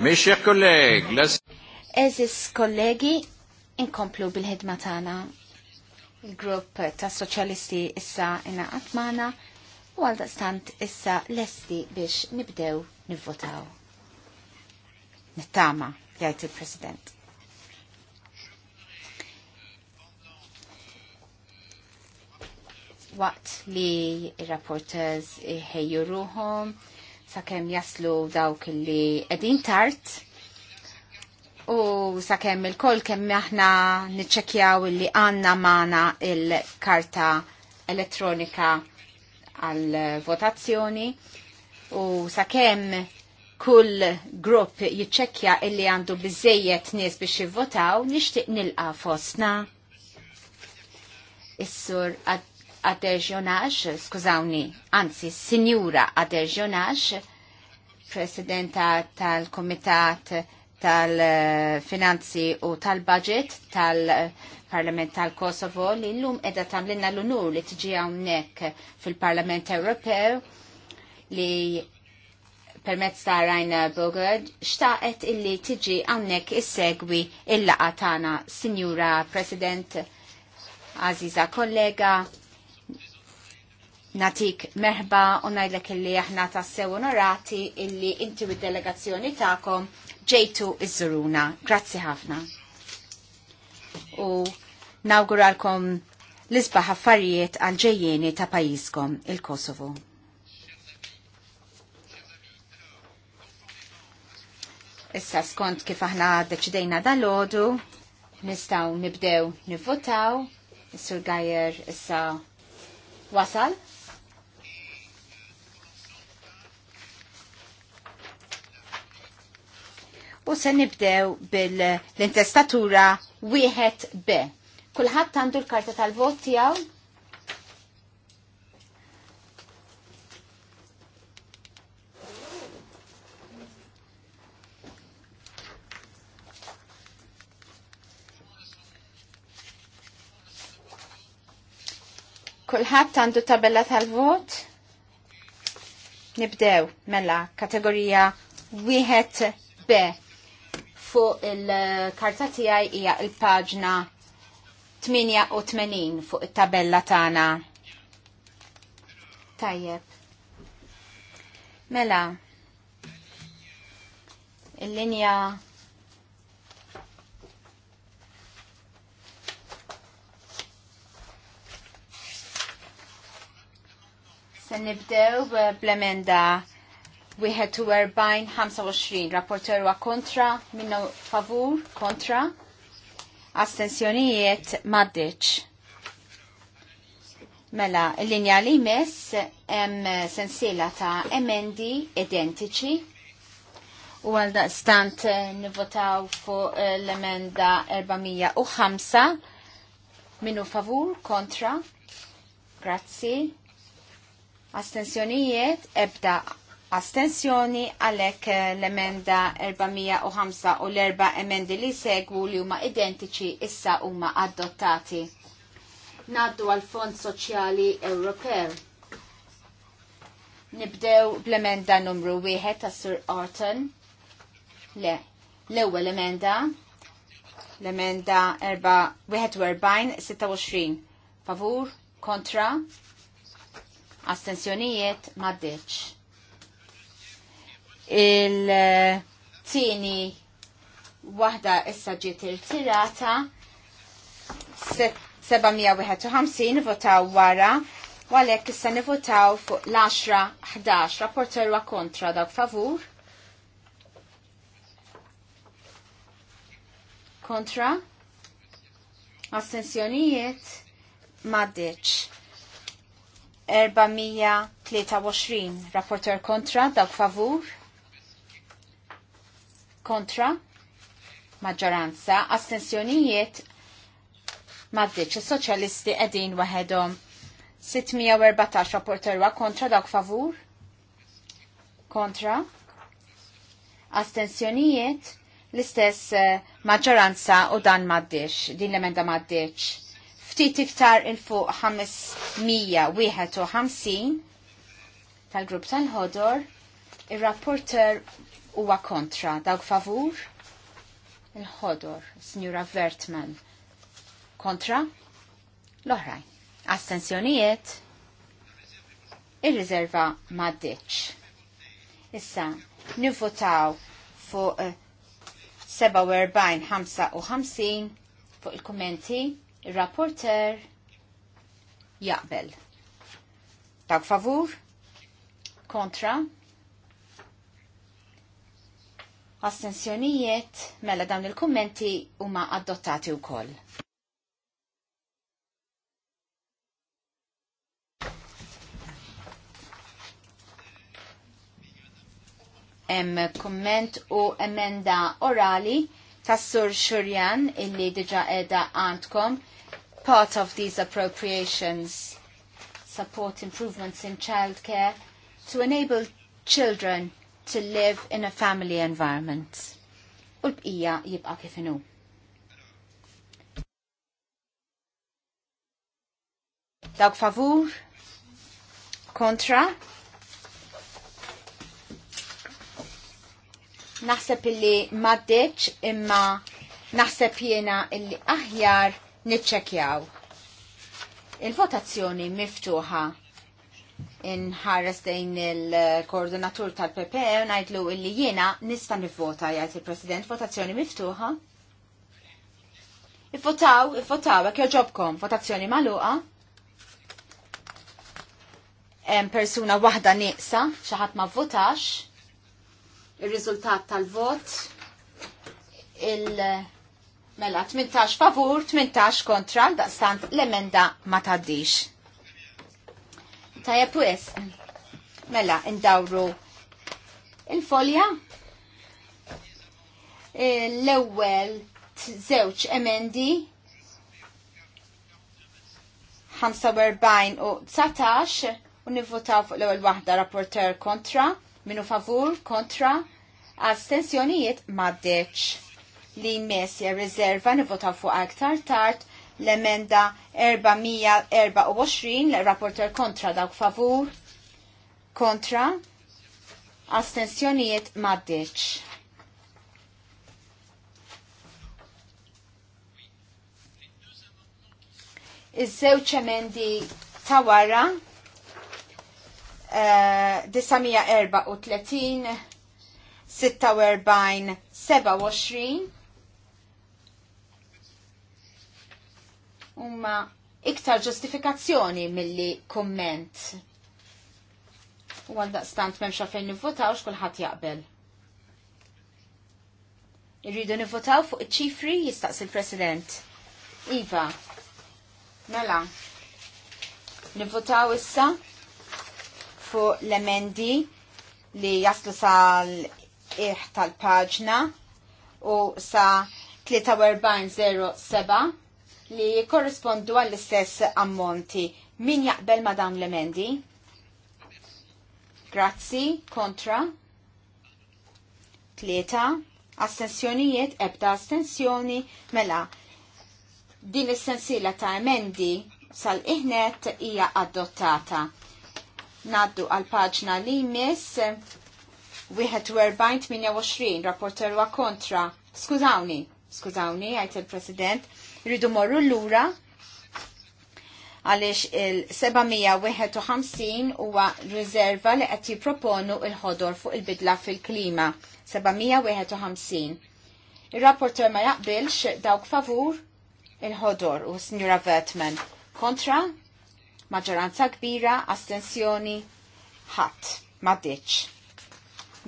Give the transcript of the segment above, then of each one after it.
Mes chers collègues, la... Eżis kollegi, inkomplu bil-ħidma tagħna. Il-grupp ta' soċjalisti issa ingħaqad magħna u għalda stant issa lesti biex nibdew nivvotaw. Nittama, jgħid il-President. Waqt li il rapporters iħejju ruhom, sakemm jaslu dawk li qegħdin tard u sakemm il kol kemm aħna niċċekjaw li għandna magħna il-karta elettronika għal votazzjoni u sakemm kull grupp jiċċekkja illi għandu bizzejiet nies biex jivvotaw, nixtieq nilqa fostna. Is-sur Aderjonax, skużawni, anzi, Sinjura Aderjonax, Presidenta tal-Komitat tal-Finanzi u tal-Budget tal-Parlament tal-Kosovo li l-lum edha tamlinna l-unur li tġi għawnek fil-Parlament Ewropew li permezz ta' Rajna Bogod, xtaqet illi tiġi għannek is-segwi illa għatana, tana, Signora President, Aziza kollega, natik meħba u najdlek illi aħna tassew onorati illi inti u delegazzjoni ta'kom ġejtu iż-żuruna. Grazzi ħafna. U nawguralkom l-isbaħ affarijiet għal ġejjeni ta' pajjiżkom il-Kosovo. Issa skont kif aħna deċidejna dal-ħodu, nistaw nibdew nivvotaw, s sur Gajer issa wasal. U se nibdew bil-intestatura wieħed B. Kulħadd għandu l-karta tal-vot tiegħu? Kulħadd għandu tabella tal-vot? Nibdew mela kategorija wieħed B fuq il-karta tiegħi hija il-paġna 88 fuq it-tabella tagħna. Tajjeb. Mela, il-linja Se nibdew bl-emenda u 25 rapporter wa kontra minnu favur kontra astensjonijiet maddiċ. Mela, l-linja li mess em sensiela ta' emendi identiċi u għal stant eh, nivotaw fuq eh, l-emenda 405 minu favur kontra grazzi astensjonijiet ebda astensjoni għalek eh, l-emenda 405 u l-erba emendi li segwu li huma identiċi issa huma adottati. Naddu għal Fond Soċjali Ewropew. Nibdew bl-emenda numru 1 ta' Sir Orton. Le, l-ewwel emenda l-emenda 41-26. Favur, kontra, astensjonijiet, maddeċ il-tini wahda issa ġiet il-tirata 751 votaw wara għalek issa nivotaw fuq l-10-11 Rapporter wa kontra dak favur kontra astensjonijiet maddeċ 423 rapporter kontra dak favur kontra maġġoranza astensjonijiet maddiċ is-soċjalisti qegħdin waħedhom 614 rapporterwa kontra dak favur kontra astensjonijiet l-istess eh, maġġoranza u dan maddiċ din l-emenda maddiċ ftit iktar il-fuq 551 tal-grupp tal-ħodor ir-rapporter huwa kontra. Dawk favur? Il-ħodor, Signora Vertman. Kontra? L-oħrajn. Astensjonijiet? ir rizerva maddiċ. Issa, nivvotaw fuq 47-55 eh, fuq il-kommenti, il-rapporter jaqbel. Dawk favur? Kontra? Astensjonijiet mela dawn il-kummenti huma adottati wkoll. Hemm komment u emenda orali tas-sur Xurjan illi diġa edha għandkom part of these appropriations support improvements in childcare to enable children to live in a family environment. U l-bqija jibqa kif inhu. Dawk favur? Kontra? Naħseb illi maddeċ imma naħseb jiena illi aħjar nitċekjaw. Il-votazzjoni miftuħa inħares dejn il-koordinatur tal-PPE najdlu illi jiena nista nivvota jgħid il-President votazzjoni miftuħa. Ivvotaw, ivvotaw, għak joġobkom, votazzjoni maluqa. Em persuna wahda nieqsa, xaħat ma votax. Il-riżultat tal-vot il- Mela, 18 favur, 18 kontra, daqstant l-emenda ma taddix. Tajab u Mela, indawru il-folja. L-ewel zewċ emendi 45 u 19 u nivvotaw fuq l-ewel wahda rapporter kontra, minu favur kontra, astensjonijiet maddeċ li mesja rezerva nivvotaw fuq aktar tard l-emenda 424, l-rapporter kontra dawk favur, kontra, astensjonijiet maddeċ. Iż-żewġ emendi ta' wara, 934, 46, 27, huma iktar ġustifikazzjoni milli komment. U għaldaqstant memx fejn nivvotaw xkulħat jaqbel. Irridu nivvotaw fuq iċ-ċifri jistaqsi l-President. Iva, mela, nivvotaw issa fuq l-emendi li jaslu sal iħ tal-paġna u sa 4307 li korrispondu għall-istess ammonti. Min jaqbel ma dawn l-emendi? Grazzi, kontra. Tlieta, astensjonijiet, ebda astensjoni, mela. Din is-sensiela ta' emendi sal-iħnet hija adottata. Naddu għal paġna li miss 48-28, rapporterwa kontra. Skużawni, skużawni, għajt il-President, rridu morru l-lura għalix il-751 huwa riserva li qed jipproponu il-ħodor fuq il-bidla fil-klima. 751. Il-rapporter ma jaqbilx dawk favur il-ħodor u s-njura Vertman. Kontra, maġġoranza kbira, astensjoni, ħadd, ma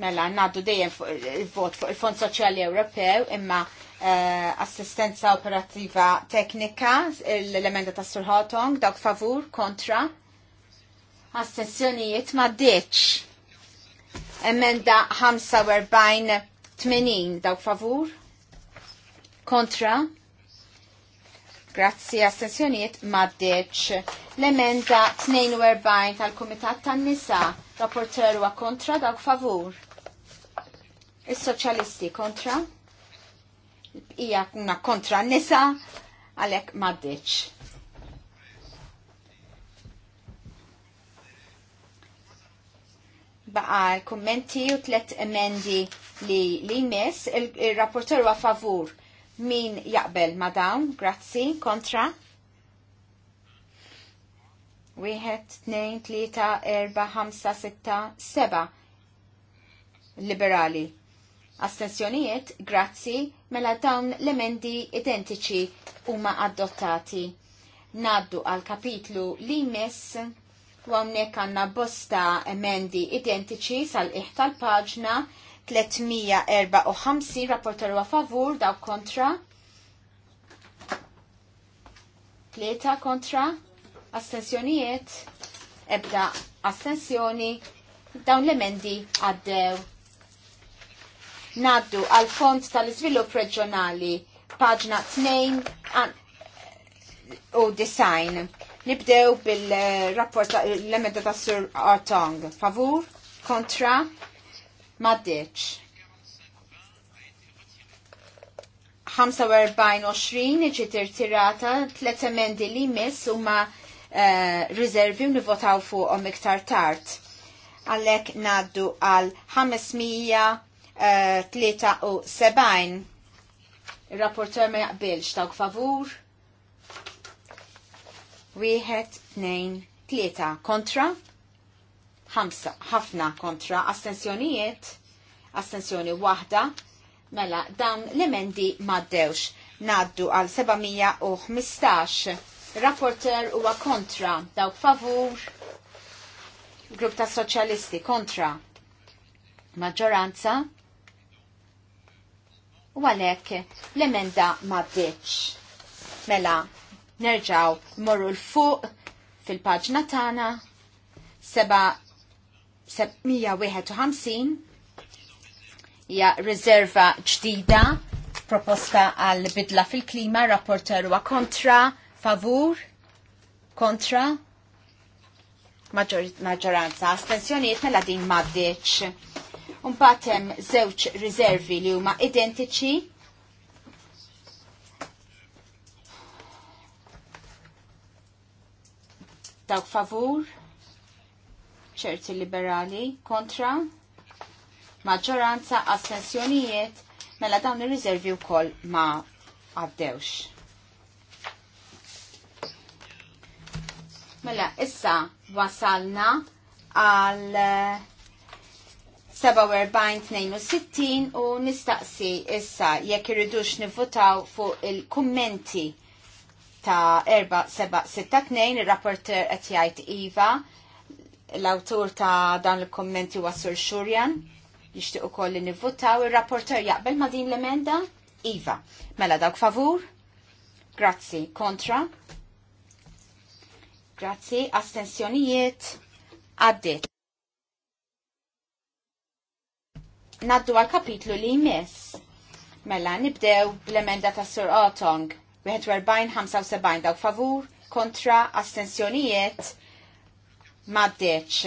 Mela, naddu dejjem il-vot fuq il-Fond Soċjali Ewropew imma Eh, assistenza operativa teknika, l-elementa ta' surħotong, dawk favur, kontra. Astensjonijiet ma' deċ. Emenda 45-80, dawk favur, kontra. Grazzi, astensjonijiet ma' L-emenda 42 tal-Komitat tan-Nisa, rapporteru kontra, dawk favur. Is-soċjalisti kontra hija kuna kontra nisa għalhekk maddeċ. Baqa l-kummenti u tlet emendi li li mis il-rapporter huwa favur min jaqbel ma grazzi, kontra. Wieħed, tnejn, tlieta, erba, ħamsa, sitta, seba. Liberali. Astenzjonijiet, grazzi, mela dawn l-emendi identiċi huma adottati. Naddu għal kapitlu li mess u għamnek għanna bosta emendi identiċi sal-iħ tal-paġna 354 rapporteru wa favur daw kontra. Tlieta kontra. Astensjonijiet. Ebda astensjoni. Dawn l-emendi għaddew Naddu għal fond tal-izvilup reġjonali, paġna 2 u design. Nibdew bil-rapport l-emenda ta' Sur Artong. Favur? Kontra? Maddeċ. 45-20 ġiet irtirata, tlet emendi li miss huma uh, riservi u nivotaw fuqhom iktar tard. Għalhekk ngħaddu għal 500 73. Eh, Il-rapporter ma jaqbilx tawk favur. Wieħed, tnejn tlieta kontra. Ħamsa, ħafna kontra. Astensjonijiet, astensjoni waħda. Mela, dan l-emendi maddewx. Naddu għal 715. Rapporter huwa kontra, dawk favur. Grupp ta' soċjalisti kontra. Maġġoranza u għalek l-emenda ma bieċ. Mela, nerġaw morru l-fuq fil-paġna tana 751 hija rezerva ġdida proposta għal bidla fil-klima rapporter huwa kontra favur kontra maġġoranza astensjoniet mela din ma bieċ un hemm żewġ riservi li huma identiċi. Dawk favur, ċerti liberali, kontra, maġġoranza astensjonijiet, mela dawn ir-riservi wkoll ma għaddewx. Mela, issa wasalna għal 47-62 u nistaqsi issa jekk irridux nivvotaw fuq il-kummenti ta' 4762 il-rapporter qed jgħid Iva l-awtur ta' dan il-kummenti huwa Sur Xurjan jixtieq ukoll li nivvotaw ir-rapporter jaqbel ma' din l-emenda Iva. Mela dawk favur? Grazzi. Kontra? Grazzi. Astensjonijiet? Għaddit. naddu għal kapitlu li jmiss. Mela, nibdew bl-emenda ta' Sur Otong, 41-75 dawk favur, kontra astensjonijiet maddeċ.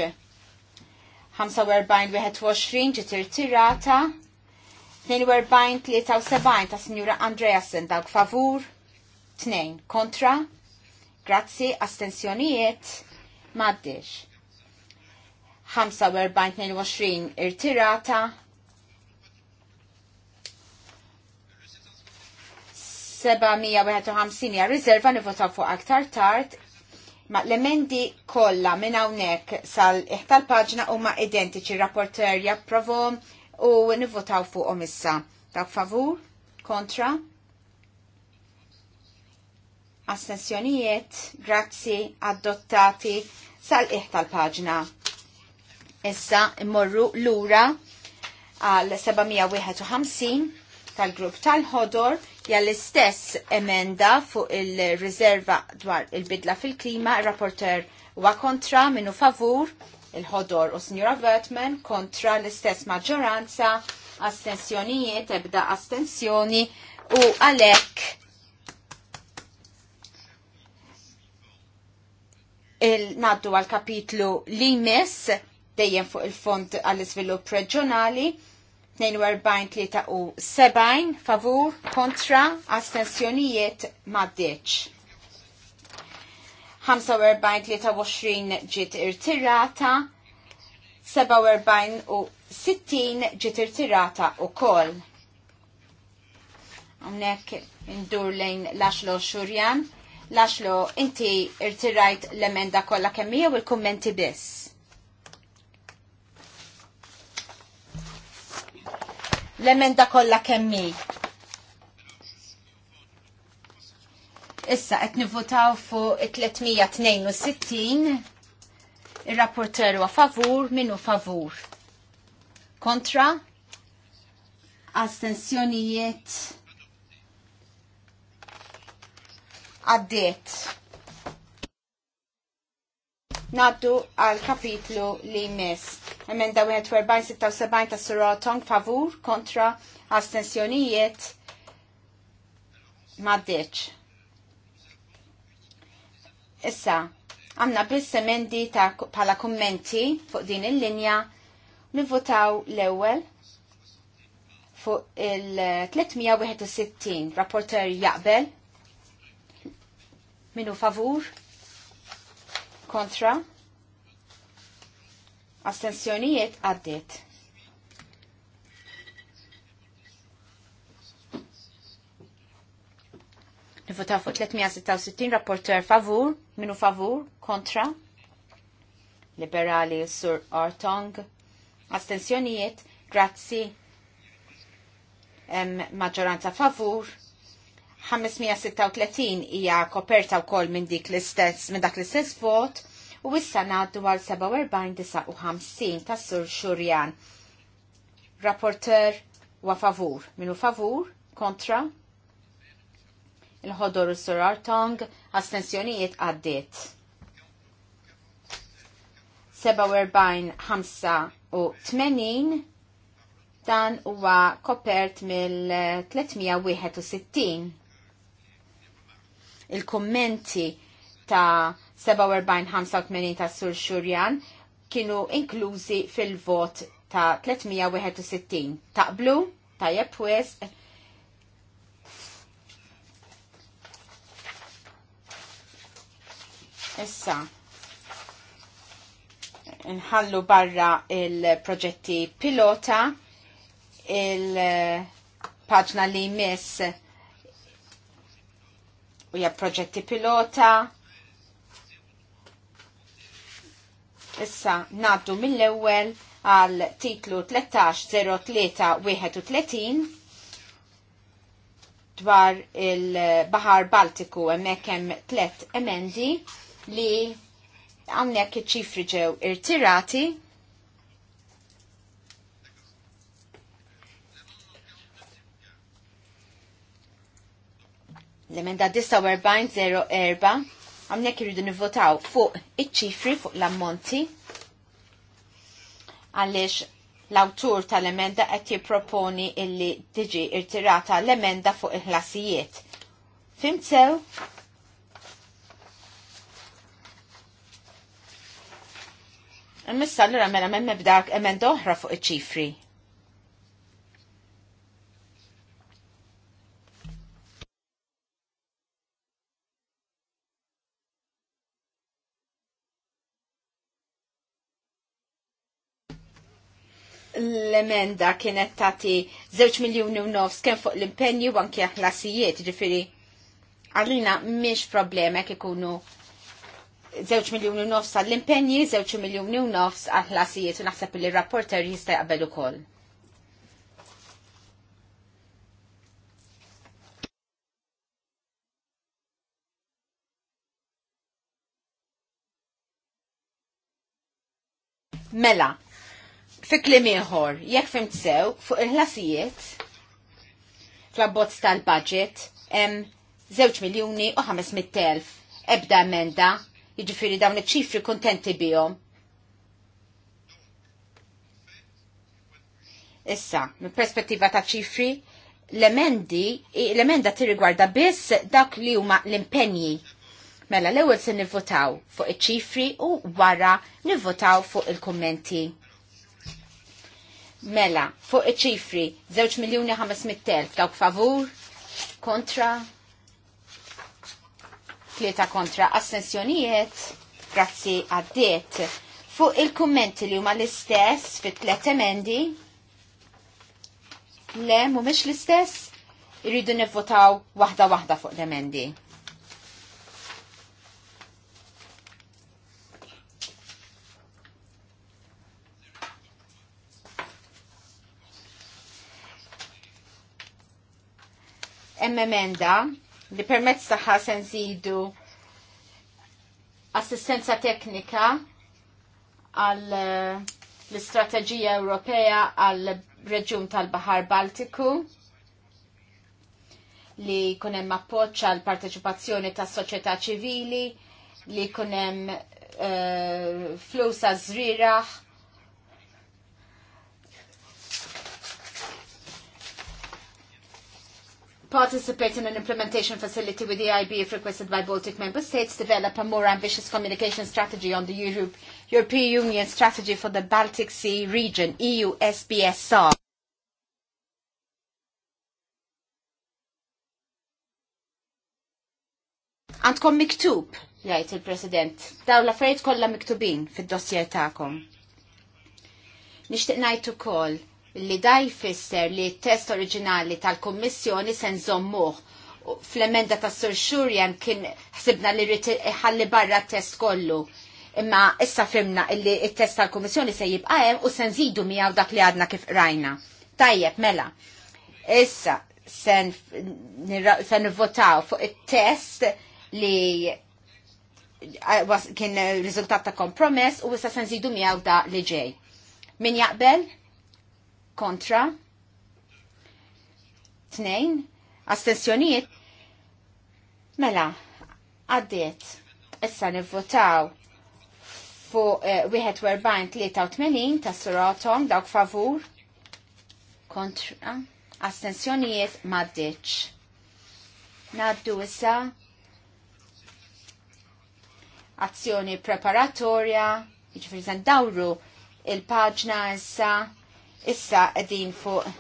45-21 ġiet tirata. 42-73 ta' Signora Andreasen dawk favur, 2 kontra, grazzi astensjonijiet maddeċ. 45-22 irtirata, 751 ja riserva nivotaw fuq aktar tard ma l-emendi kolla minn hawnhekk sal-eħ tal-paġna huma identiċi rapporter japprovom u nivotaw fuqhom issa. Dak favur? Kontra? Astensjonijiet? Grazzi adottati sal iħtal paġna Issa immorru lura għal 751 tal-grupp tal-ħodor l-istess emenda fuq il-riserva dwar il-bidla fil-klima, rapporter wa kontra minnu favur, il-ħodor u Signora Vertman kontra l-istess maġġoranza, astensjonijiet, ebda astensjoni u għalek il-naddu għal-kapitlu li dejjem fuq il-fond għall izvilup reġjonali 42 u favur kontra astensjonijiet maddeċ. 45-23 ġiet irtirata, 47 u 60 ġiet irtirata u koll. Għonek indur lejn Laxlo Xurjan. Laxlo, inti irtirajt l-emenda kolla kemmija u l-kommenti biss. l-emenda kollha kemmi. Issa qed nivvotaw fuq 362 ir-rapporter huwa favur minu favur. Kontra? Astensjonijiet? Għaddiet. Naddu għal kapitlu li jmiss. Emenda 1476 ta' surotong favur kontra astensjonijiet maddeċ. Issa, għamna biss emendi ta' pala kommenti fuq din il-linja nivvotaw l-ewel fuq il-361 rapporter jaqbel minu favur kontra astensjonijiet għaddit. Nivotaw fuq 366 rapporter favur, minu favur, kontra, liberali sur Ortong? astensjonijiet, grazzi, maġġoranza favur, 536 hija koperta wkoll minn dik l-istess minn dak l-istess vot u issa ngħaddu għal 47 tas Sur Xurjan. Rapporter wa favur. Minu favur? Kontra? Il-ħodor u Sur Artong astensjonijiet għaddiet. 47 u 80 dan huwa kopert mill-361 il-kommenti ta' 47-85 ta' Sur Xurjan kienu inklużi fil-vot ta' 361. Taqblu? Tajjeb jepwes? Issa. Nħallu barra il-proġetti pilota il-paġna eh, li jmiss u jgħab proġetti pilota. Issa naddu mill-ewwel għal titlu 13.03.31 dwar il-Bahar Baltiku hemmhekk hemm tliet emendi li għannek ċifri ġew irtirati L-emenda 4904 għamnek irridu nivvotaw fuq iċ-ċifri fuq l-ammonti għaliex l-autur tal-emenda qed jipproponi illi tiġi irtirata l-emenda fuq il-ħlasijiet. Fimtew? Missa l-ura mela memme b'dak emenda oħra fuq iċ-ċifri. l-emenda kienet tati 0 miljoni u nofs kien fuq l-impenju u anki ħlasijiet, ġifiri. Għallina miex problema kikunu ikunu 0 miljoni u nofs għall-impenji, 0 miljoni u nofs għall-ħlasijiet u naħseb li rapporter jista' għabelu ukoll. Mela, Fi klim ieħor, jekk fimt sew, fuq il-ħlasijiet fl-abbozz tal-budget hemm 0 miljuni u 500,000 ebda emenda, jiġifieri dawn iċ-ċifri kuntenti bihom. Issa, mill perspettiva ta' ċifri, l-emendi, l-emenda tirrigwarda biss dak li huma l-impenji. Mela l-ewwel se nivvotaw fuq iċ-ċifri u wara nivvotaw fuq il-kummenti. Mela, fuq iċifri, ċifri 2 miljoni 500.000 dawk favur, kontra, tlieta kontra assenzjonijiet, grazzi għaddiet. Fuq il-kummenti li huma l-istess fit tlet emendi, le mhumiex l-istess, irridu nivvotaw waħda waħda fuq l-emendi. emmenda li permezz taħħa se nżidu assistenza teknika għal eh, l-istrateġija Ewropea għal reġjun tal-Bahar Baltiku li kunem appoċ għal parteċipazzjoni tas soċjetà ċivili li kunem uh, eh, flusa zriraħ Participate in an implementation facility with the EIB if requested by Baltic member states, develop a more ambitious communication strategy on the Europe, European Union strategy for the Baltic Sea region, EU SBSR. Għandkom miktub, jgħid il-President. Daw l-affarijiet kollha miktubin fid-dossier tagħkom. Nixtieq ngħid ukoll li daj fisser li test oriġinali tal-Kommissjoni sen zommuħ fl-emenda ta' Sur Xurjan kien ħsibna li ħalli barra test kollu. Imma issa fimna li il-test tal-Kommissjoni se jibqa' hemm u se nżidu miegħu dak li għadna kif rajna. Tajjeb, mela. Issa sen nivvotaw fuq it-test li kien riżultat ta' kompromess u issa se nżidu mi da li ġej. Min jaqbel? kontra, tnejn, astensjonijiet, mela, għaddiet, issa nivvotaw fu uh, 41-83 ta' suratom, dawk favur, kontra, astensjonijiet, maddiċ. Naddu issa azzjoni preparatorja, ġifri dawru il-paġna issa Issa qegħdin fuq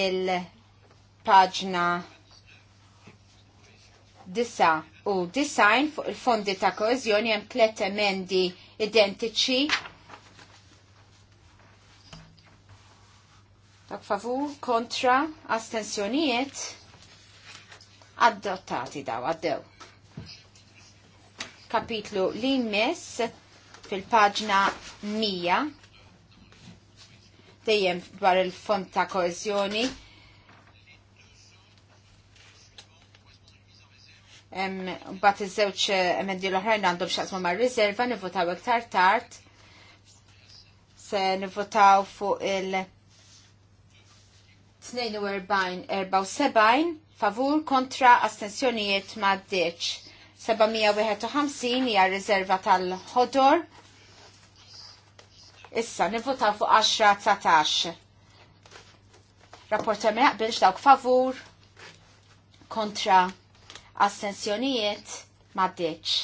il-paġna disa u design fuq il-fondi ta' koezjoni hemm tliet emendi identiċi. Tak favur, kontra, astensjonijiet adottati daw, għaddew. Kapitlu li mess fil-paġna 100 dejjem dwar il-fond ta' koezjoni. Bat iż-żewġ eh, emendi l-oħrajn għandhom xaqsmu mar riserva nivvotaw iktar tard. Se nivvotaw fuq il- 42 47 favur kontra astensjonijiet ma' 10. 751 hija riserva tal-ħodor Issa, nivvota fuq 10-19. Rapporter ma jaqbilx dawk favur kontra assenzjonijiet ma ddeċ.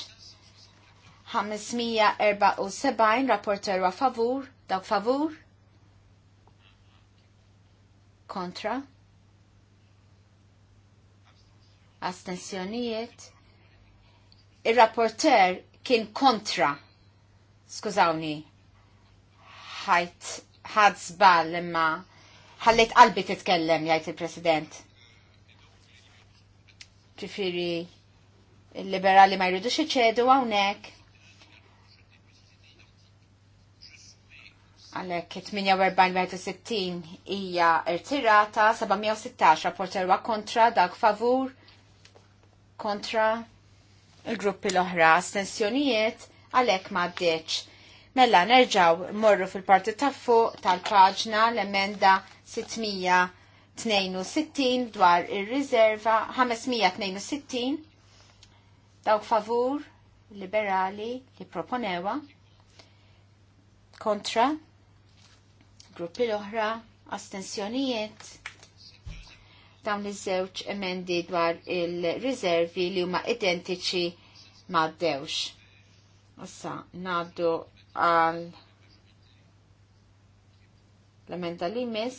574 rapporter wa favur, dawk favur, kontra, astensjonijiet. Il-rapporter kien kontra, skużawni, ħajt ħad żball imma ħallejt qalbi titkellem jgħid il-President. Ġifieri il-liberali ma jridux iċedu hawnhekk. Għalek, 48-60 ija irtirata, 716 rapporterwa kontra, dak favur, kontra il-gruppi l-oħra, astensjonijiet, għalek maddeċ. Mella nerġaw morru fil-parti ta' fuq tal-paġna l-emenda 662 dwar ir-riserva 562 dawk favur liberali li proponewa kontra gruppi l-oħra astensjonijiet dawn iż-żewġ emendi dwar il-riservi li huma identiċi ma' dewx. Issa naddu għal l-emenda li mis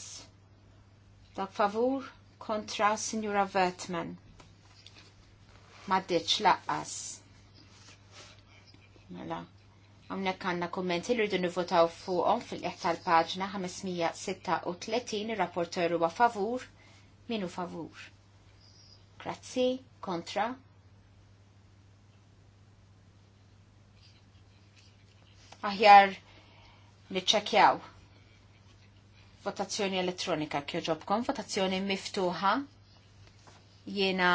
ta' favur kontra Signora Vertman. ditx laqqas. Mela. Għamnek għanna kommenti li rridu nivotaw fuqom fil-qeħ tal-paġna 536 il-rapporteru huwa favur minu favur. Grazzi, kontra, aħjar niċċekjaw. Votazzjoni elettronika kjoġobkom, votazzjoni miftuħa jiena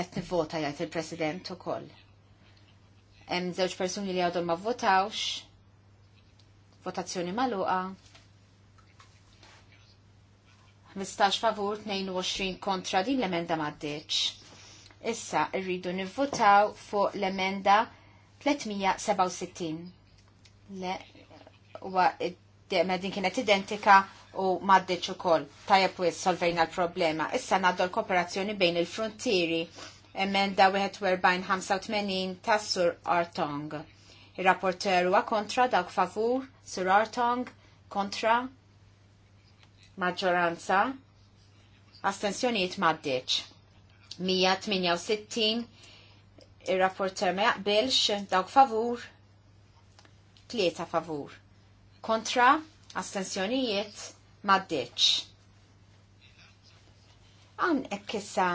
qed nivvota jgħid il-President ukoll. Hemm żewġ persuni li għadhom ma vvotawx, votazzjoni magħluqa. 15 favur, 22 kontra din l-emenda m'għaddiċ. Issa rridu nivvotaw fuq l-emenda 367. Le, wa, din kienet identika u maddeċ ukoll. Tajab u solvejna l-problema. Issa naddu l-kooperazzjoni bejn il-frontieri. Emenda 41-85 ta' Sur Artong. Il-rapporter huwa kontra dawk favur, Sur Artong, kontra, maġġoranza, astensjonijiet maddeċ. 168 Il-rapporter ma jaqbilx, dawk favur, tlieta favur. Kontra, astensjonijiet, maddiċ. Għan ekkissa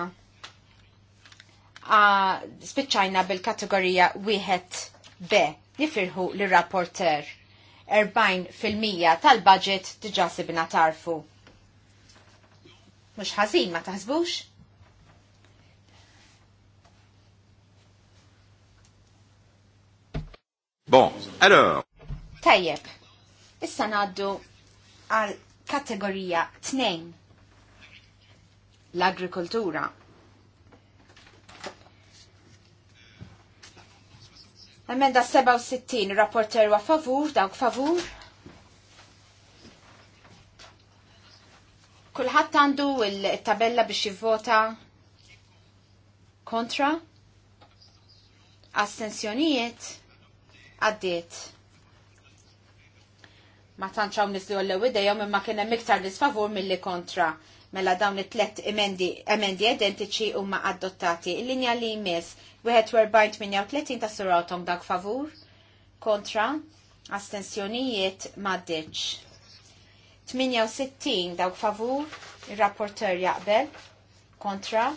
spiċċajna bil-kategorija wieħed B nifirħu l-rapporter. 40% tal-budget diġa sibna tarfu. Mux ħażin ma taħsbux? Bon, alors. Tajjeb, issa naddu għal kategorija 2. L-agrikoltura. Emenda 67, rapporter wa favur, dawk favur. Kulħadd għandu il-tabella biex jivvota kontra. Astensjonijiet għaddiet. Ma tanċaw hawn għallu għallew idejhom imma kien hemm iktar mill favur milli kontra. Mela dawn it-tlet emendi, identiċi huma adottati. Il-linja li jmiss 41 tletin ta' surawtom dak favur, kontra, astensjonijiet maddiċ. 68 dawk favur, il-rapporter jaqbel, kontra,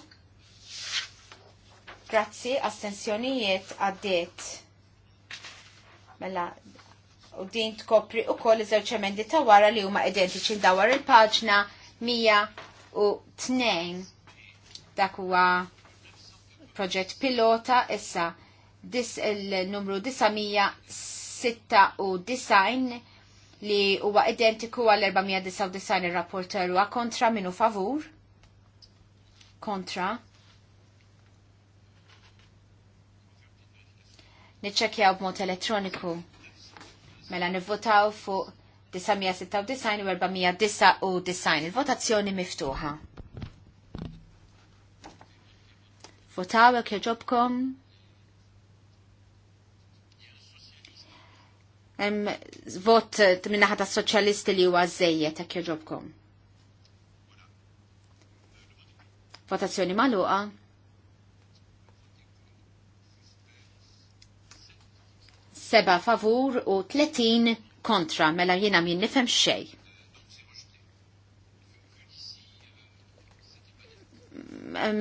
Grazzi, astensjonijiet għaddiet. Mela, u din tkopri u koll iż-żewġ emendi ta' wara li huma identiċi dawar il-paġna 102. Dak huwa proġett pilota issa dis il-numru 996 li huwa identiku għal 499 ir-rapporter huwa kontra minu favur. Kontra. niċċekjaw b'mod elettroniku. Mela nivvotaw fuq 996 u 499. Il-votazzjoni miftuħa. Votaw jekk joġobkom. Vot minnaħa ta' soċjalisti li huwa żejjed jekk joġobkom. Votazzjoni maluqa. seba favur u 30 kontra mela jiena min nifhem xej.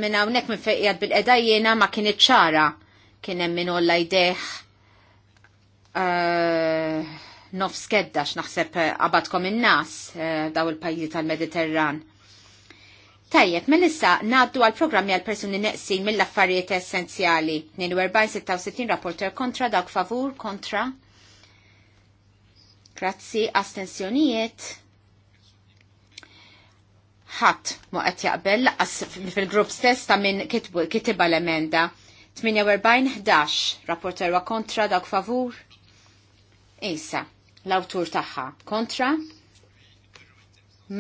Minna hawnhekk minn fejjad bil-qeda jiena ma kien ċara kien hemm min olla jdeħ uh, nofs kedda x'naħseb qabadkom in-nas eh, daw il-pajjiżi tal-Mediterran. Tajjeb, mill-issa naddu għal programmi għal persuni neqsin mill-affarijiet essenzjali. 42-66 rapporter kontra dak favur kontra. Grazzi, astensjonijiet. Ħadd ma qed jaqbel laqas fil-grupp stess ta' minn kitiba l-emenda. 48-11 rapporter wa kontra dak favur. Isa, l-awtur tagħha kontra.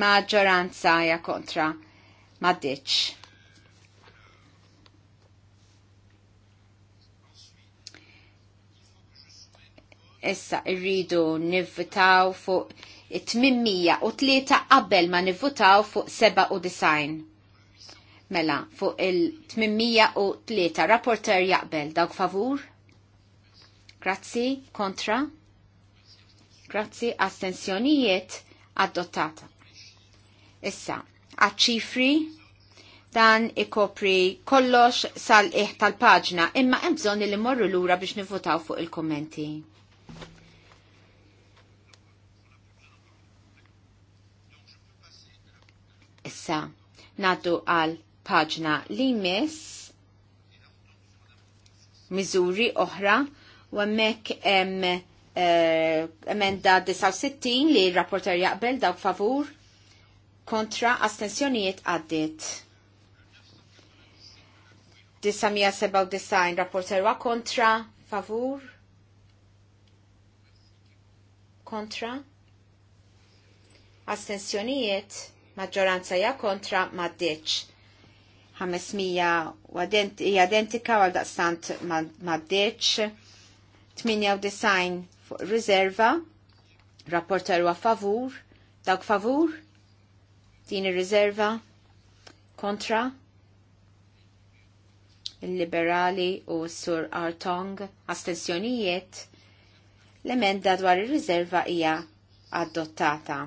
Maġġoranza ja kontra maddiċ. Issa irridu nivvitaw fuq 803 qabel ma nivvutaw fuq 97. Mela, fuq il-803 rapporter jaqbel dawk favur? Grazzi, kontra? Grazzi, astensjonijiet adottata. Issa, għaċ-ċifri dan ikopri kollox sal-iħ tal-paġna, imma hemm bżonn li morru lura biex nivvotaw fuq il-kommenti. Issa, naddu għal paġna li miss miżuri oħra u hemmhekk hemm eh, emenda 69 li r-rapporter jaqbel dawk favur kontra astensjonijiet għaddit. 997 rapporterwa kontra favur kontra astensjonijiet maġġoranza ja kontra maddeċ 500 hija identika għal daqstant maddeċ 98 fuq riserva rapporterwa favur dawk favur Din ir-riserva kontra il-liberali u sur Artong astensjonijiet l-emenda dwar ir-riserva hija adottata.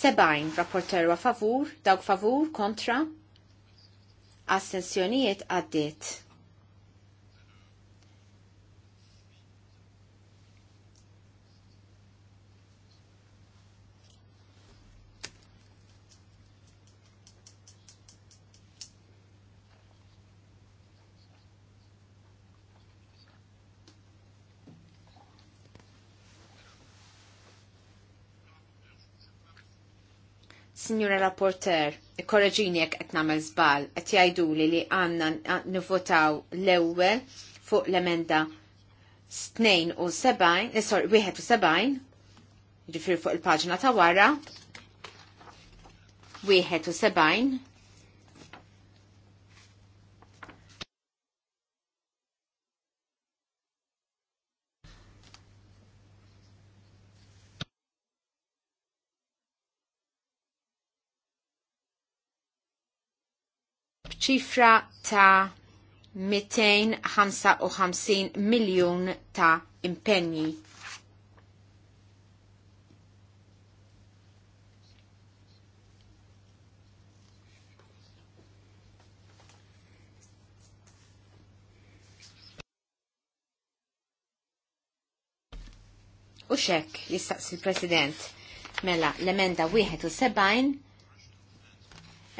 Sebajn rapporterwa favur, dawk favur kontra astensjonijiet għaddit. Signora Rapporter, korreġini jek qed nagħmel żball, qed jgħiduli li għandna nivvotaw l-ewwel fuq l-emenda 72, eh, sorry, 71, ġifir fuq il-paġna ta' wara, 71, ċifra ta' 255 miljon ta' impenji. U xek, jistaqs il-President, mela l-emenda 71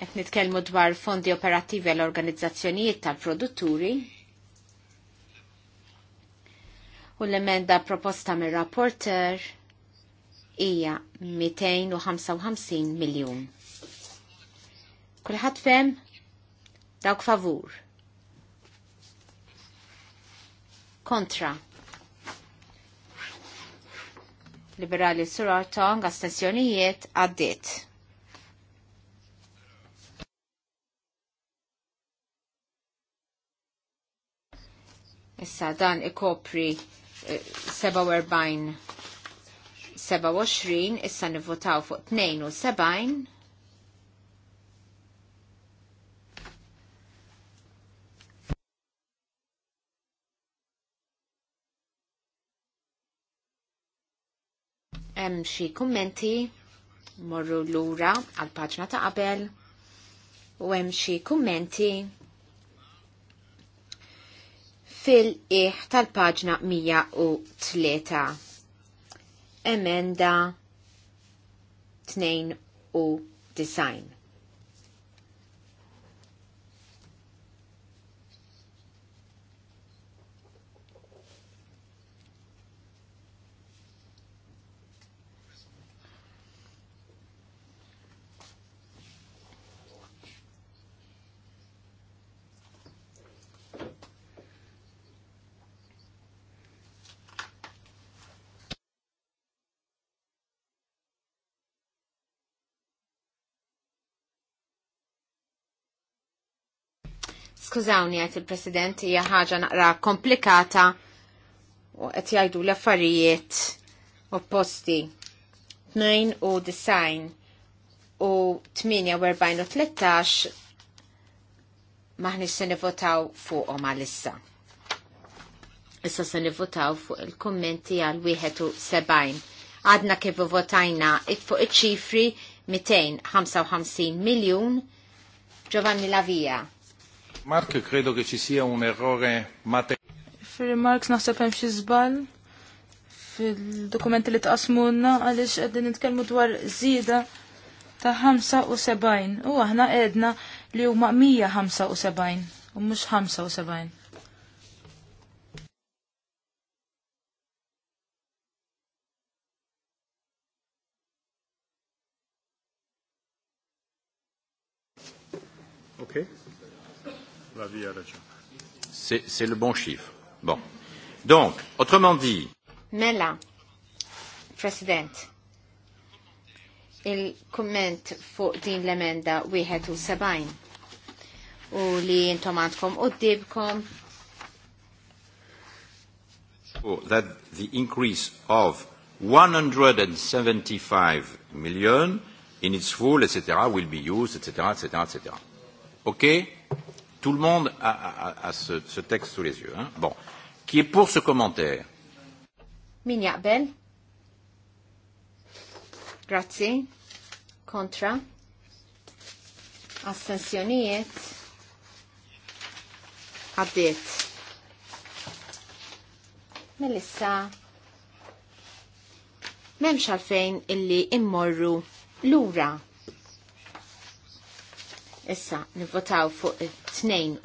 qed nitkellmu dwar fondi operattivi għall organizzazzjonijiet tal-produtturi. U l-emenda proposta mir rapporter hija 255 miljun. Kulħadd fem dawk favur. Kontra. Liberali surar tong astensjonijiet għaddit. Issa dan ikopri 47 eh, 27 issa nivvotaw fuq 72 hemm xi kummenti morru lura għal paġna ta' qabel u hemm xi kummenti fil-iħ tal-paġna 103. Emenda 2 u design. Skużawni għet il-President hija ħaġa naqra komplikata u qed jgħidu l-affarijiet opposti. 2 u design u 48 u 13 maħnix se nivotaw fuqhom għalissa. Issa se nivotaw fuq il-kommenti għal 71. Għadna kif votajna fuq iċ-ċifri 255 miljun Giovanni Lavija. Mark, credo che ci sia un errore materiale. fil Marks naħseb hemm xi żball fil-dokumenti li tqasmunna għaliex qegħdin nitkellmu dwar żieda ta' 75 u aħna qedna li huma 175 u mhux 75. Okay. C'est le bon chiffre. Bon. Donc, autrement dit. Mela, President, il-komment fuq din l-emenda 71 u li jintom għandkom u dibkom. Oh, that the increase of 175 million in its full, etc., will be used, etc., etc., etc. Okay? Tout le monde a, a, a ce, ce texte sous les yeux. Hein. Bon. Qui est pour ce commentaire Minya Ben. Grazie. Contra. Ascensioniet. Abdiet. Melissa. Memx għalfejn illi immorru l-ura. Issa, nivvotaw fuq 72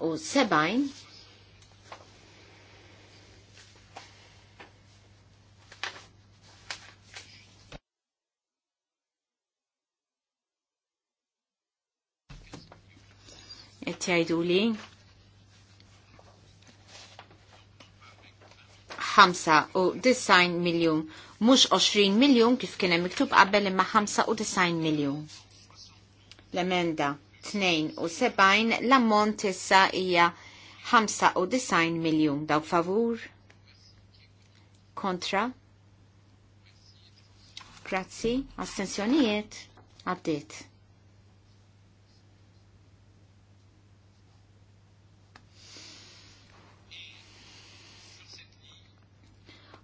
qed jgħidu li 95 miljun mhux 20 miljon kif kienem miktub qabel imma 95 miljon L-emenda 72 l-ammont issa hija 95 miljun daw favur kontra grazzi astensjonijiet għaddit.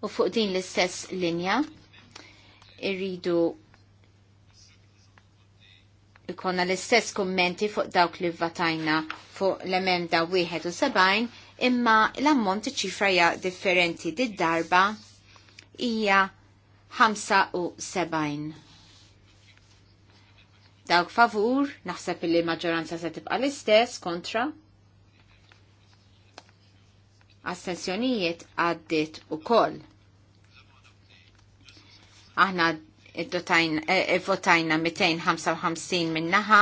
U fuq din l-istess linja irridu ikonna l-istess kummenti fuq dawk li vvatajna fuq l-emenda 71 imma l-ammont ċifra hija differenti did-darba hija 75. Dawk favur, naħseb li maġġoranza se tibqa l-istess kontra. Astensjonijiet għaddit u koll aħna E, e, votajna 255 minnaħa,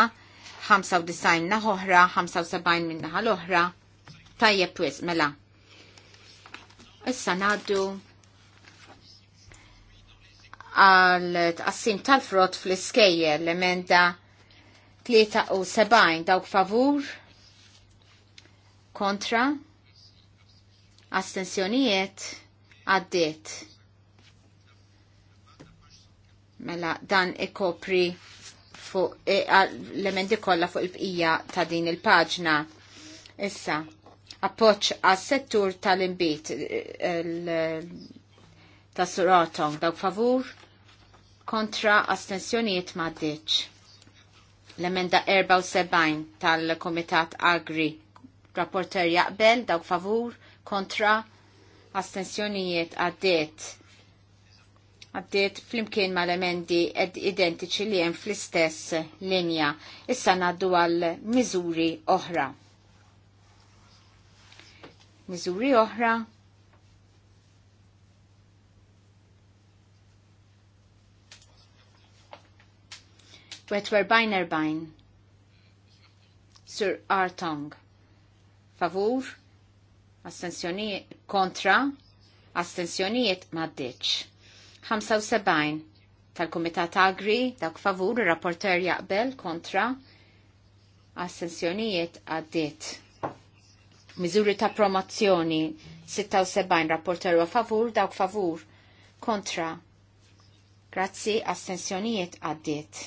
95 minnaħ oħra, 75 min-naħa l-oħra. Tajjeb wis, mela. Issa naddu għal tqassim tal-frott fl-iskejjer l-emenda 73 dawk favur kontra astensjonijiet għaddiet. Mela dan ikopri fuq e, l emendi kollha fuq il-bqija ta' din il-paġna. Issa, appoċ għas settur tal-imbit e, ta' suratong dawk favur kontra astensjonijiet maddiċ. L-emenda 74 tal-Komitat Agri rapporter jaqbel dawk favur kontra astensjonijiet għaddiet għaddiet flimkien ma' ed identiċi li hemm fl-istess linja. Issa naddu għal miżuri oħra. Miżuri oħra Wet werbajn erbajn. Sir Artong. Favur. Astensjonijiet kontra. Astensjonijiet maddeċ. 75 tal-Kumitat Agri, dak favur, rapporter jaqbel kontra assenzjonijiet għaddit. Miżuri ta' promozzjoni 76 rapporter u favur, dawk favur kontra. Grazzi, assenzjonijiet għaddit.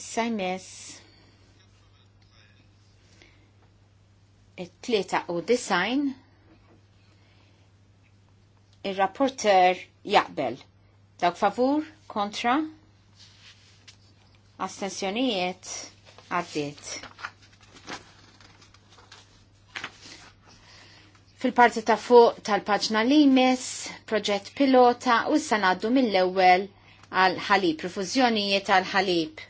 Issa jmess. it-tlieta u design Il-rapporter jaqbel. Dawk favur, kontra, astensjonijiet, għaddit. Fil-parti ta' fuq tal-paġna limes, proġett pilota u s-sanaddu mill-ewel għal ħalib, rifużjonijiet għal ħalib.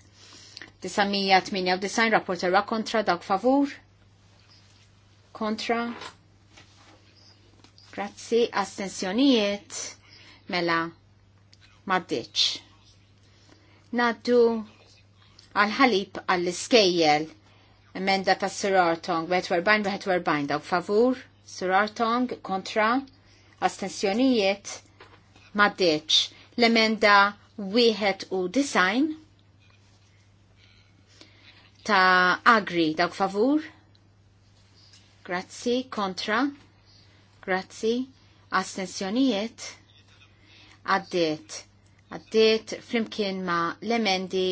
998 rapporter kontra dawk favur, kontra, Grazzi, astensjonijiet, mela, mardiċ. Naddu għal-ħalib għall-iskejjel, emenda ta' Sirartong, 41, 41, dawk favur, Sirartong, kontra, astensjonijiet, mardiċ. L-emenda wieħed u design ta' agri dawk favur, grazzi, kontra, Grazzi. Astensjonijiet. Għaddiet. Għaddiet flimkien ma l-emendi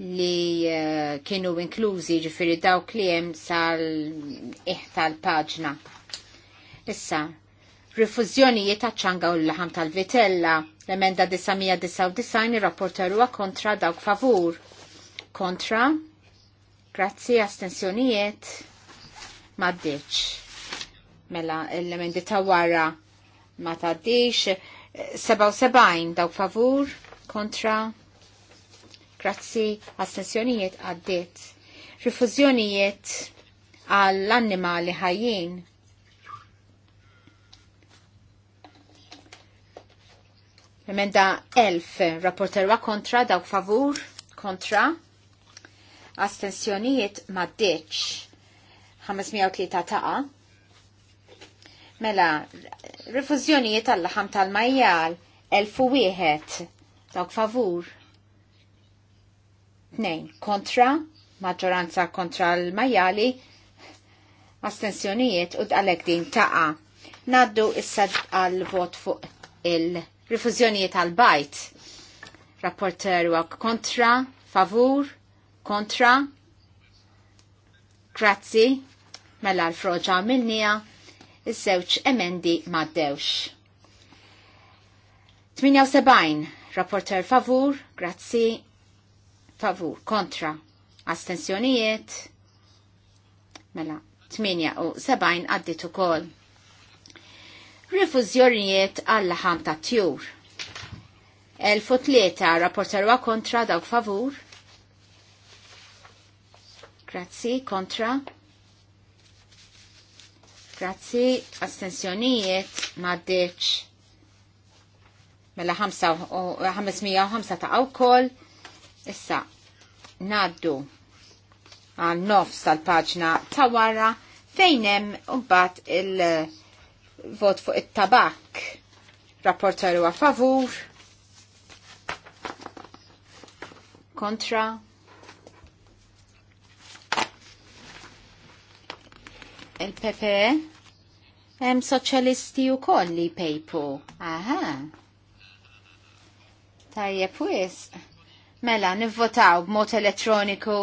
li eh, kienu inklużi ġifiri dawk li sal-iħta eh, l-paġna. Issa, rifużjonijiet ta' ċanga u l-laħam tal-vitella, l-emenda 999 il-rapporteru kontra dawk favur. Kontra, grazzi astensjonijiet, maddiċ mela l-emendi ta' wara ma dix 77 dawk favur kontra grazzi astensjonijiet għaddit rifuzjonijiet għall-annimali ħajjin Emenda 1000 rapporterwa kontra dawk favur kontra astensjonijiet maddeċ 503 taqa' Mela, rifużjonijiet tal-laħam tal-majjal, elfu wieħed, dawk favur. Tnejn, kontra, maġġoranza kontra l-majjali, astensjonijiet u għalek din taqa. Naddu issa għal-vot fuq il-rifużjonijiet għal-bajt. Rapporter wak kontra, favur, kontra, Grazzi, mela l-froġa minnija iż-żewġ emendi maddewx. 78, rapporter favur, grazzi, favur, kontra, astensjonijiet, mela, 78 għaddit ukoll. Rifużjonijiet għall-ħam ta' tjur. 1003 wa kontra dawk favur. Grazzi, kontra. Grazzi, astensjonijiet maddiċ. Mela 505 ta' awkoll. Issa, naddu għal nofs tal-paġna ta' wara fejnem umbat il-vot fuq it-tabak. Rapporter huwa favur. Kontra. il-PPE, hemm soċjalisti u li pejpu. Aha. Tajjeb wis. Mela, nivvotaw b'mod elettroniku.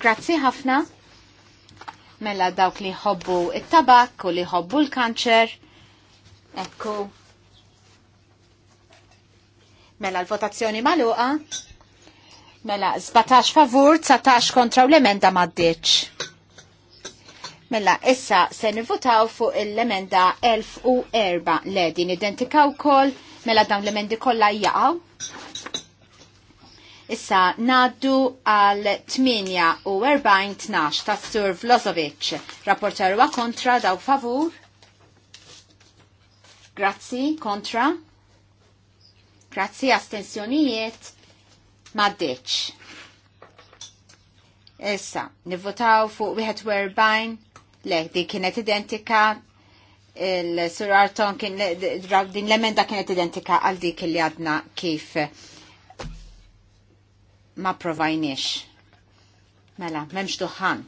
Grazie ħafna mela dawk li jħobbu it-tabak u li jħobbu l-kanċer. Ekku. Mela l-votazzjoni maluqa. Mela 17 favur, 19 kontra u l-emenda maddiċ. Mela issa se nivvotaw fuq l-emenda 1004 le identika identikaw kol mela dawn l-emendi kollha jgħaw. Issa naddu għal 48-12 ta' Sur Vlozovic. Rapporter wa kontra daw favur. Grazzi, kontra. Grazzi, astensjonijiet. Maddeċ. Issa, nivvotaw fuq 41, le, di kienet identika, il-Sur Arton kien, din l-emenda kienet identika għal dik li għadna kif ma provajniex. Mela, memx duħan.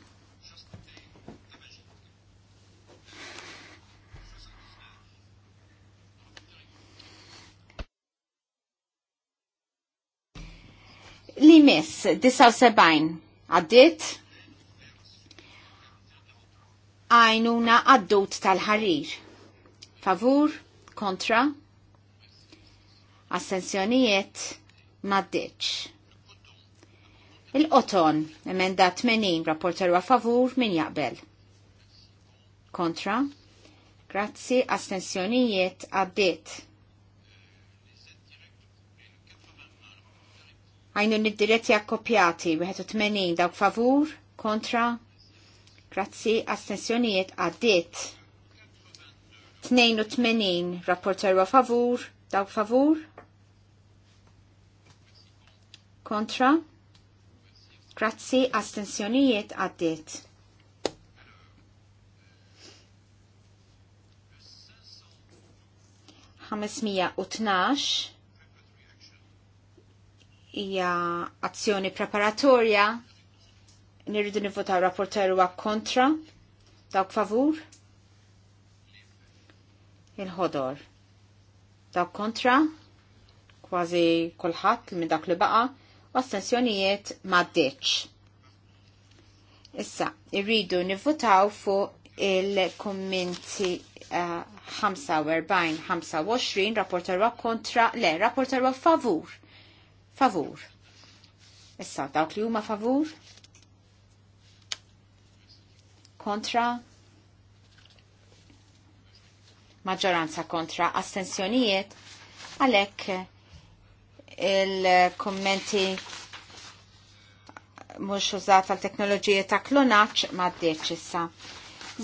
Li mis, sebajn, għaddit? Għajnuna għaddut tal-ħarir. Favur, kontra, assenzjonijiet, maddiċ. Il-qoton, emenda 80, rapporteru a favur, min jaqbel. Kontra, grazzi, astensjonijiet, għaddit. Għajnu nid-diretti akkopjati, 81, dawk favur, kontra, grazzi, astensjonijiet, għaddit. 82, rapporteru a favur, dawk favur, kontra, Grazzi, astensjonijiet għaddit. Ħamismija hija azzjoni preparatorja nirridu nivvotaw rapporteru għak kontra, dawk favur, il-ħodor, dawk kontra, kważi kolħat minn dak li baqa, Ostensjonijiet maddeċ. Issa, irridu nivvotaw fuq il-kommenti 45-25, eh, rapporterwa kontra, le, rapporterwa favur. Favur. Issa, dawk li huma favur? Kontra? Maġġoranza kontra astensjonijiet għalhekk il-kommenti mux użat għal teknoloġija ta' klonaċ ma' d-deċissa.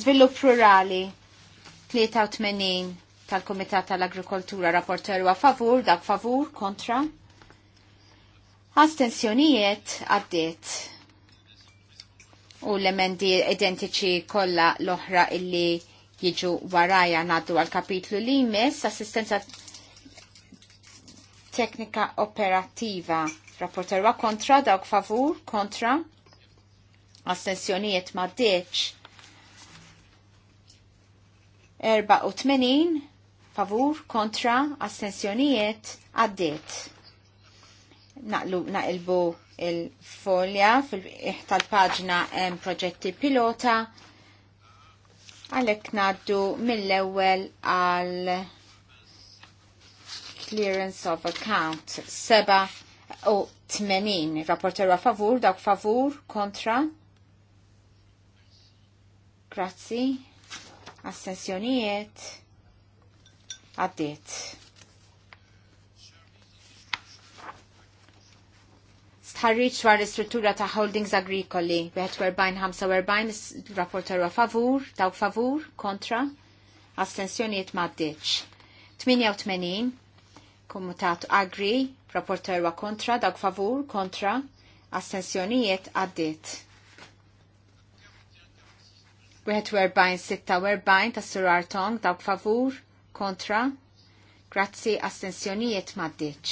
Zvillup rurali 83 tal-Komitat tal-Agrikoltura rapporteru a favur, dak favur, kontra. Astensjonijiet għaddiet u l-emendi identiċi kolla l-oħra illi jiġu warajja naddu għal kapitlu li jmiss assistenza teknika operattiva. Rapporterwa kontra, dawk favur, kontra. Astensjonijiet ma deċ. tmenin, favur, kontra, astensjonijiet għaddit. Naqlu, naqilbu il-folja fil l tal-paġna proġetti pilota għalek naddu mill-ewel għal, -ewel clearance of account 7 u 80 rapporteru favur, dawk favur, kontra. Grazzi. Assenzjonijiet. Għaddit. Stħarriċ war l-istruttura ta' holdings agrikoli. 45-45 rapporteru favur, dawk favur, kontra. astensjoniet maddiċ. 88 Komutat Agri, rapporter wa kontra, dak favur, kontra, astensjonijiet għaddit. sitta 46 ta' Sir Artong, dak favur, kontra, grazzi astensjonijiet maddiċ.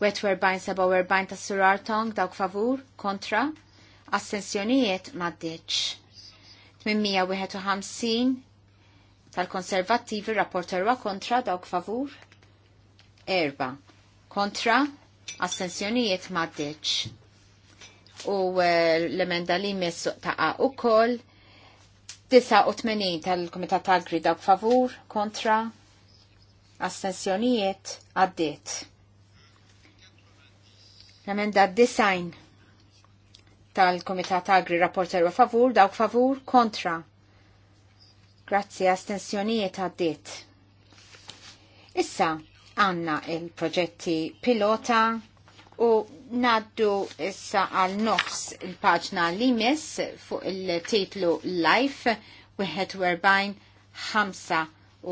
seba' 47 ta' Sir Artong, dak favur, kontra, astensjonijiet maddiċ. 851 tal-konservativi rapporter wa kontra dawk favur erba kontra assenzjonijiet maddeċ u eh, l-emenda li mis taqa u koll 89 tal-Komitat Agri dawk favur kontra assenzjonijiet għaddiet. L-emenda design tal-Komitat Agri rapporter wa favur dawk favur kontra Grazzi astensjonijiet għaddit. Issa għanna il-proġetti pilota u naddu issa għal nofs il-paġna li mis fuq il-titlu Life 41 ħamsa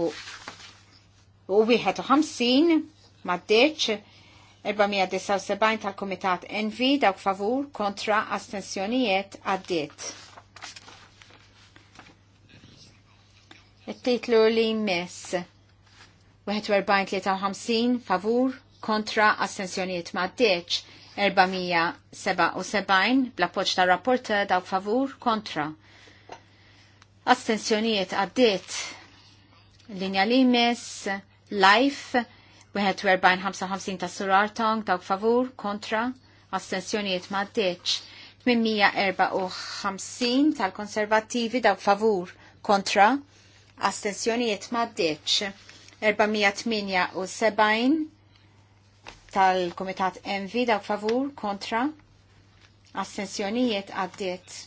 u u 51 maddeċ 479 tal-Komitat Envi dawk favur kontra astensjonijiet għaddiet. Il-titlu li jmiss. 41-53 favur kontra assenzjoniet ma' deċ 477 bla poċ ta' rapporta daw favur kontra. Assenzjoniet għaddiet linja li jmiss life 41-55 ta' surar tong daw favur kontra assenzjoniet ma' deċ 854 tal-konservativi daw favur kontra astensjonijiet maddeċ 478 tal-Komitat MV daw favur kontra astensjonijiet għaddiet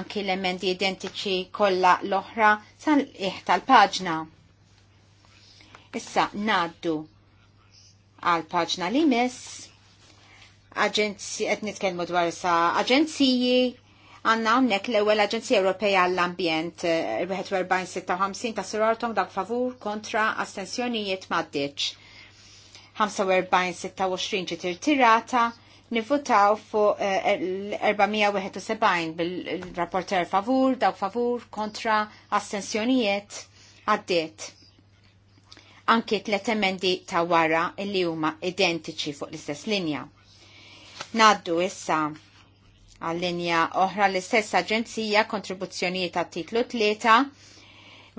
anki l-emendi identiċi kollha l-oħra san iħ tal-paġna. Issa naddu għal paġna li mis, qed nitkellmu dwar sa aġenziji, Għanna għamnek l-ewel Aġenzija Ewropea għall-Ambjent eh, 41-56 ta' Sorortong dak favur kontra astensjonijiet maddiċ. 45-26 ġiet tirata, nivvotaw fuq 471 eh, bil-rapporter favur, dawk favur, kontra, astensjonijiet, għaddiet. Anki tlet emendi ta' wara illi huma identiċi fuq l-istess linja. Naddu issa Għal-linja oħra l-istess aġenzija kontribuzzjonijiet ta' titlu 3,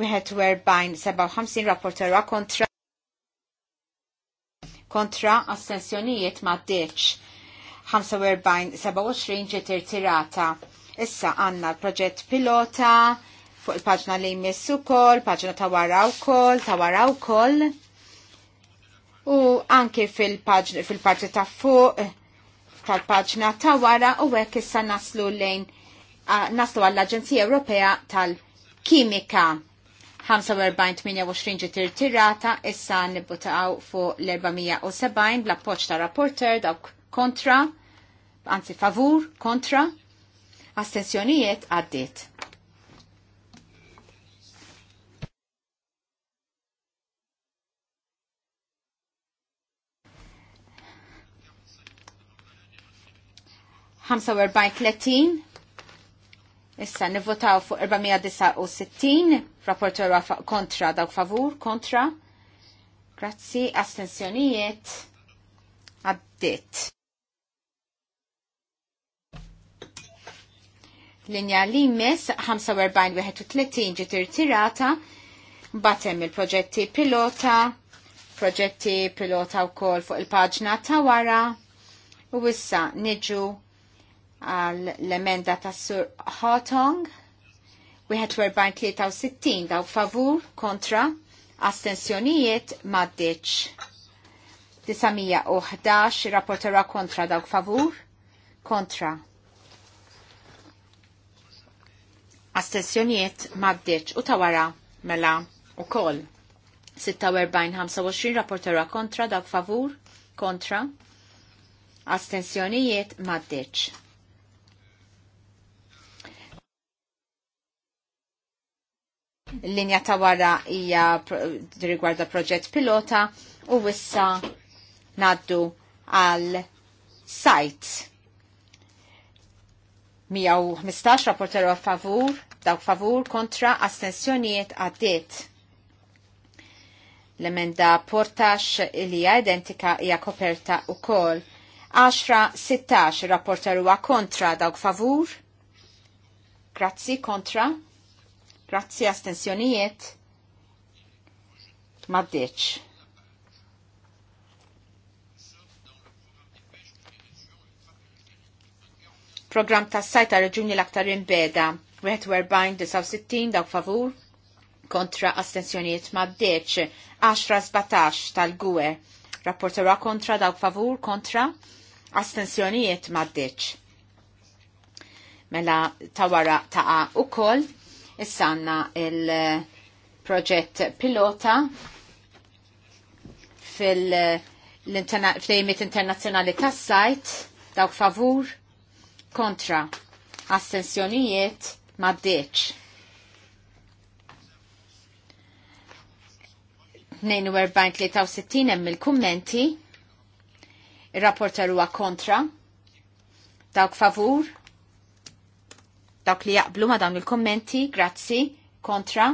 41-57 rapportera kontra kontra assenzjonijiet ma' deċ 45-27 ġiet tirata. Issa għanna proġett pilota fuq il-paġna li jmissu kol, paġna ta' wara u kol, ta' wara u kol. U anke fil-parti fil ta' fuq tal-paġna ta' wara u hekk issa naslu lejn naslu għall-Aġenzija Ewropea tal-Kimika. 45-28 ġitir tirata, issa nibbutaw fuq l-470 bl-appoċ ta' rapporter dawk kontra, anzi favur, kontra, astensjonijiet għaddit. 45-30 issa nivvotaw fuq 469 rapporter kontra dawk favur kontra grazzi astensjonijiet għaddit linja li mis 45-31 ġi tirtirata, batem il-proġetti pilota proġetti pilota u kol fuq il-paġna ta' wara u issa niġu għal l-emenda ta' Sur Hotong, 41-63 daw favur kontra astensjonijiet maddiċ. 911 rapportera kontra dawk favur kontra. Astensjonijiet maddiċ u tawara mela u koll. 46-25 rapportera kontra dawk favur kontra. Astensjonijiet maddiċ. l-linja ta' wara hija rigwarda proġett pilota u wissa naddu għal sajt. 115 rapporteru favur, dawk favur kontra astensjonijiet għaddiet. L-emenda portax li hija identika hija koperta u kol. 10-16 rapporteru kontra dawk favur. Grazzi kontra. Grazzi astensjonijiet. Maddeċ. Program ta' sajta reġuni l-aktar imbeda. 41-69 dawk favur kontra astensjonijiet maddeċ 10-17 tal-gwe. Rapportera kontra dawk favur kontra astensjonijiet maddeċ. Mela tawara ta' u koll Issanna il-proġett pilota fil-dejmit internazzjonali tas-sajt dawk favur kontra astensjonijiet maddeċ. 42-63 hemm il-kummenti, ir-rapporter huwa kontra, dawk favur, Dawk li jaqblu ma dawn il-kommenti, grazzi, kontra.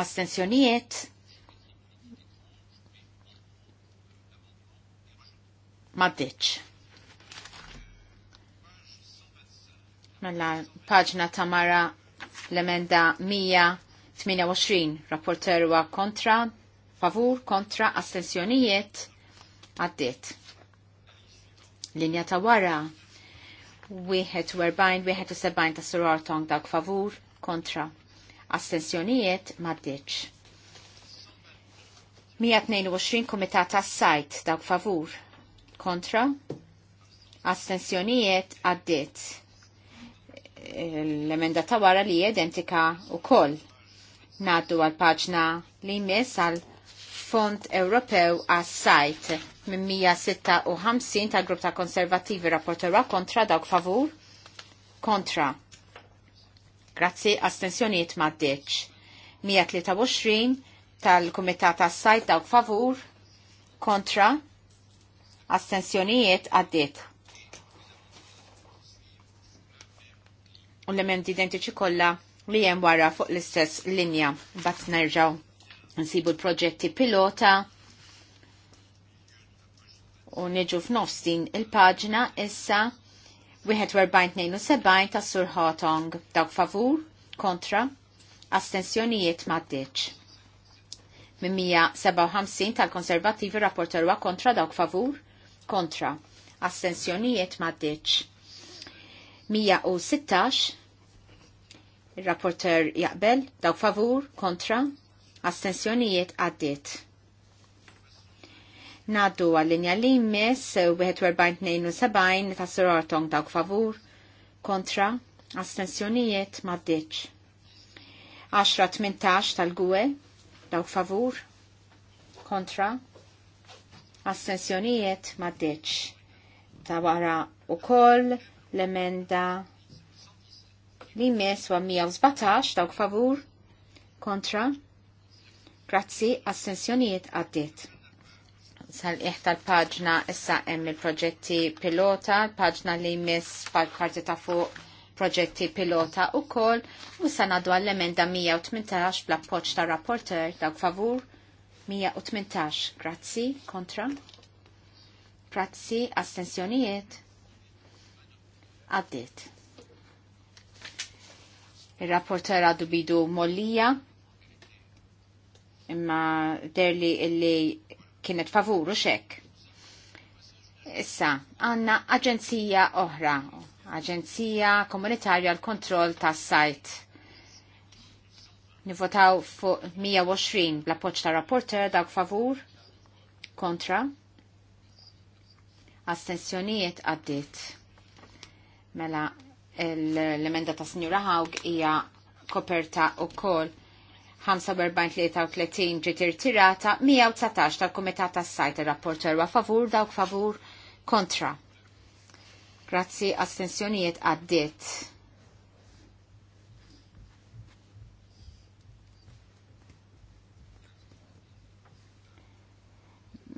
Astenzjonijiet. Maddiċ. Mela, paġna tamara l-emenda 128, rapporteru kontra, favur, kontra, astenzjonijiet, għaddit. Linja ta' wara, 41-71 ta' Surar Tong dak favur kontra. Astensjonijiet maddiċ. 122 Komitat tas sajt dak favur kontra. Astensjonijiet għaddit. L-emenda ta' wara li identika u koll. Naddu għal paġna li jmiss għal fond Ewropew għas-sajt minn 156 tal-Grupp ta' Konservativi rapporterwa kontra dawk favur kontra. Grazzi astensjoniet deċ. 123 tal-Kumitat għas-sajt dawk favur kontra astensjonijiet għaddit. U l-emendi identiċi kollha li hemm wara fuq l-istess linja bat nerġaw nsibu l-proġetti pilota u neġu f'nofsin il-paġna issa 41 ta' Sur Hotong dawk favur kontra astensjonijiet maddeċ. Min 157 tal-konservativi rapporterwa kontra dawk favur kontra astensjonijiet maddeċ. 116 il-rapporter jaqbel dawk favur kontra Astensjonijiet għaddit. Naddu għall-linja li jmiss 41-72 ta' sorortong dawk favur kontra astensjonijiet maddiċ. 10-18 tal-gwe dawk favur kontra astensjonijiet maddiċ. Ta' wara u koll l-emenda li jmiss 117 dawk favur kontra Grazzi, assenzjoniet għaddit. Sal-iħ tal-paġna issa hemm il-proġetti pilota, paġna li jmiss pal-karti ta' fuq proġetti pilota u kol, u sanadu għall-emenda 118 bl-appoċ ta' rapporter dak favur 118. Grazzi, kontra. Grazzi, assenzjoniet, Għaddit. Il-rapporter għadu bidu mollija imma derli illi kienet favuru xek. Issa, għanna aġenzija oħra, aġenzija komunitarja l-kontroll tas sajt. Nivotaw fuq 120 bla poċ ta' rapporter dawk favur, kontra, astensjonijiet għaddit. Mela, l-emenda ta' Signora Hawg hija koperta u kol 45-33 ġiet irtirata, 119 tal-Kumitat tas-Sajt ir-rapporter wa favur dawk favur kontra. Grazzi astensjonijiet għaddiet.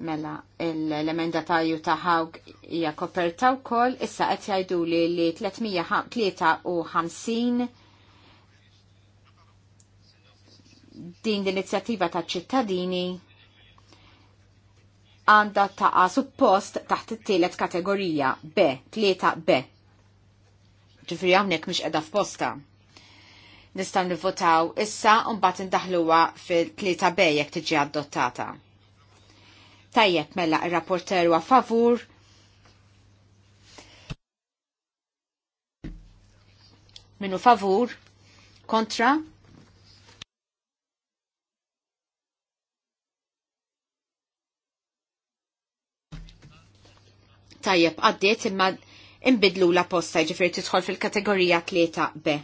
Mela, l-emenda ta' Juta Hawg hija koperta wkoll issa qed jgħidu li 353 din l-inizjattiva ta' ċittadini għanda ta' suppost taħt it-tielet kategorija B, tlieta B. Ġifri hawnhekk mhix qiegħda f'posta. Nistgħu nivvotaw issa u mbagħad indaħluha fil-tlieta B jekk tiġi adottata. Tajjeb mela il rapporter huwa favur Minu favur kontra tajjeb għaddiet imma imbidlu la posta ġifiri tidħol fil-kategorija 3B.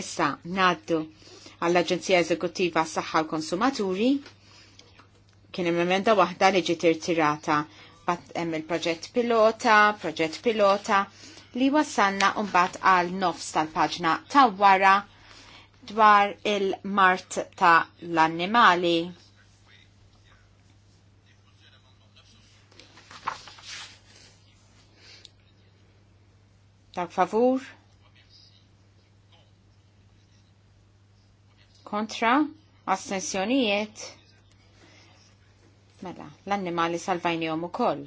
Issa, naddu għall-Aġenzija Eżekutiva Saħħa u Konsumaturi kien hemm emenda waħda li ġiet irtirata bat hemm il-proġett pilota, proġett pilota li wasanna mbagħad għal nofs tal-paġna ta' wara dwar il-mart ta' l-annimali Dak favur. Kontra. Astensjonijiet. Mela, l-annimali salvajnijom u koll.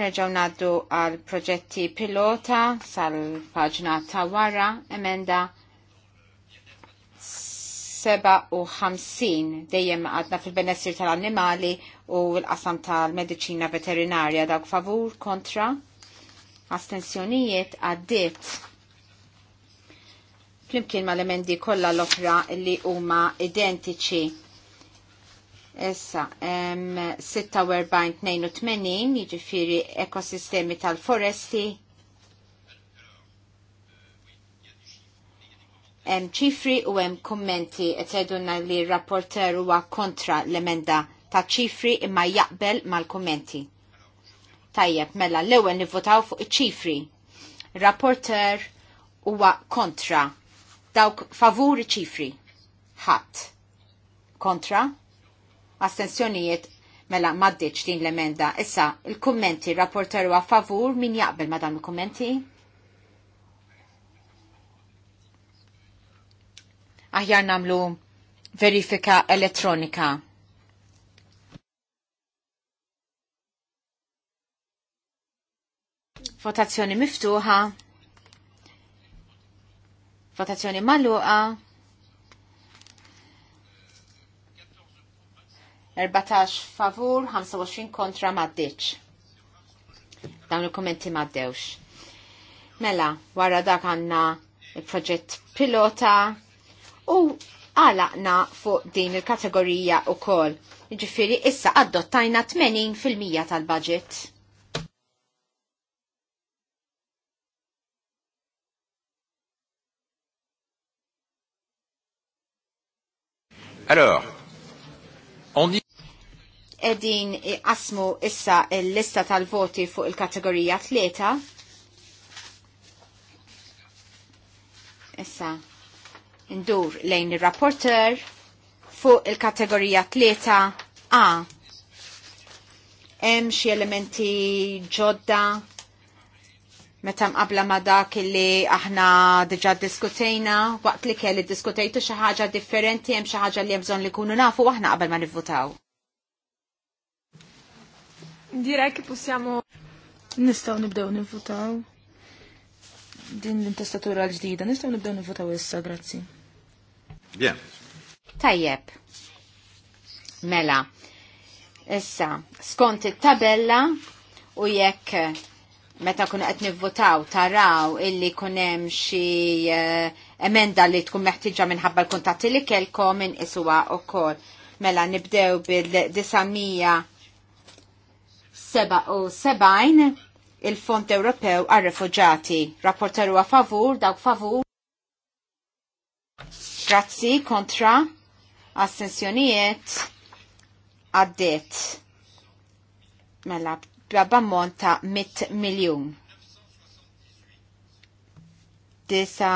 Nerġaw naddu għal proġetti pilota sal-paġna ta' wara emenda 57 dejjem għadna fil-benessir tal-annimali u l-qasam tal-medicina veterinarja dawk favur kontra astensjonijiet għaddit flimkien ma l-emendi kollha l-oħra li huma identiċi. Issa, 46-82 jiġifieri ekosistemi tal-foresti hemm ċifri u hemm kummenti qed jgħidulna li r-rapporter huwa kontra l-emenda ta' ċifri imma jaqbel mal-kummenti. Tajjeb, mela l-ewwel nivvotaw fuq iċ-ċifri. Rapporter huwa kontra dawk favur ċifri. Ħadd. Kontra? Astensjonijiet mela maddiċ din l-emenda. Issa, il-kummenti rapporter huwa favur min jaqbel ma dan il-kummenti? aħjar namlu verifika elettronika. Votazzjoni miftuħa. Votazzjoni maluqa. 14 favur, 25 kontra maddiċ. Dawn il-kommenti maddewx. Mela, wara dak għanna il-proġett pilota u għalaqna fuq din il-kategorija u kol. Ġifiri, issa adottajna 80% tal-budget. Alors, on dit... Edin qasmu issa l-lista tal-voti fuq il-kategorija tlieta. Issa, ndur lejn il-rapporter fuq il-kategorija 3A. Hemm xi elementi ġodda meta mqabla ma dak li aħna diġà diskutejna, waqt li kelli diskutejtu xi ħaġa differenti hemm xi ħaġa li hemm bżonn li jkunu nafu aħna qabel ma nivvutaw. Direi che possiamo nistgħu nibdew nivvutaw din l-intestatura l-ġdida, nistgħu nibdew nivvutaw issa, grazzi. Bien. Tajjeb. Mela. Issa, skont it-tabella u jekk meta kun qed nivvotaw taraw illi kun hemm xi eh, emenda li tkun meħtieġa minħabba l-kuntatti li kelkom minn iswa wkoll. Mela nibdew bil-977 il-Fond Ewropew għar-Refuġati. Rapporteru a favur, dawk favur Grazzi kontra assenzjonijiet għaddiet mela b'ammont ta' 100 miljun. Disa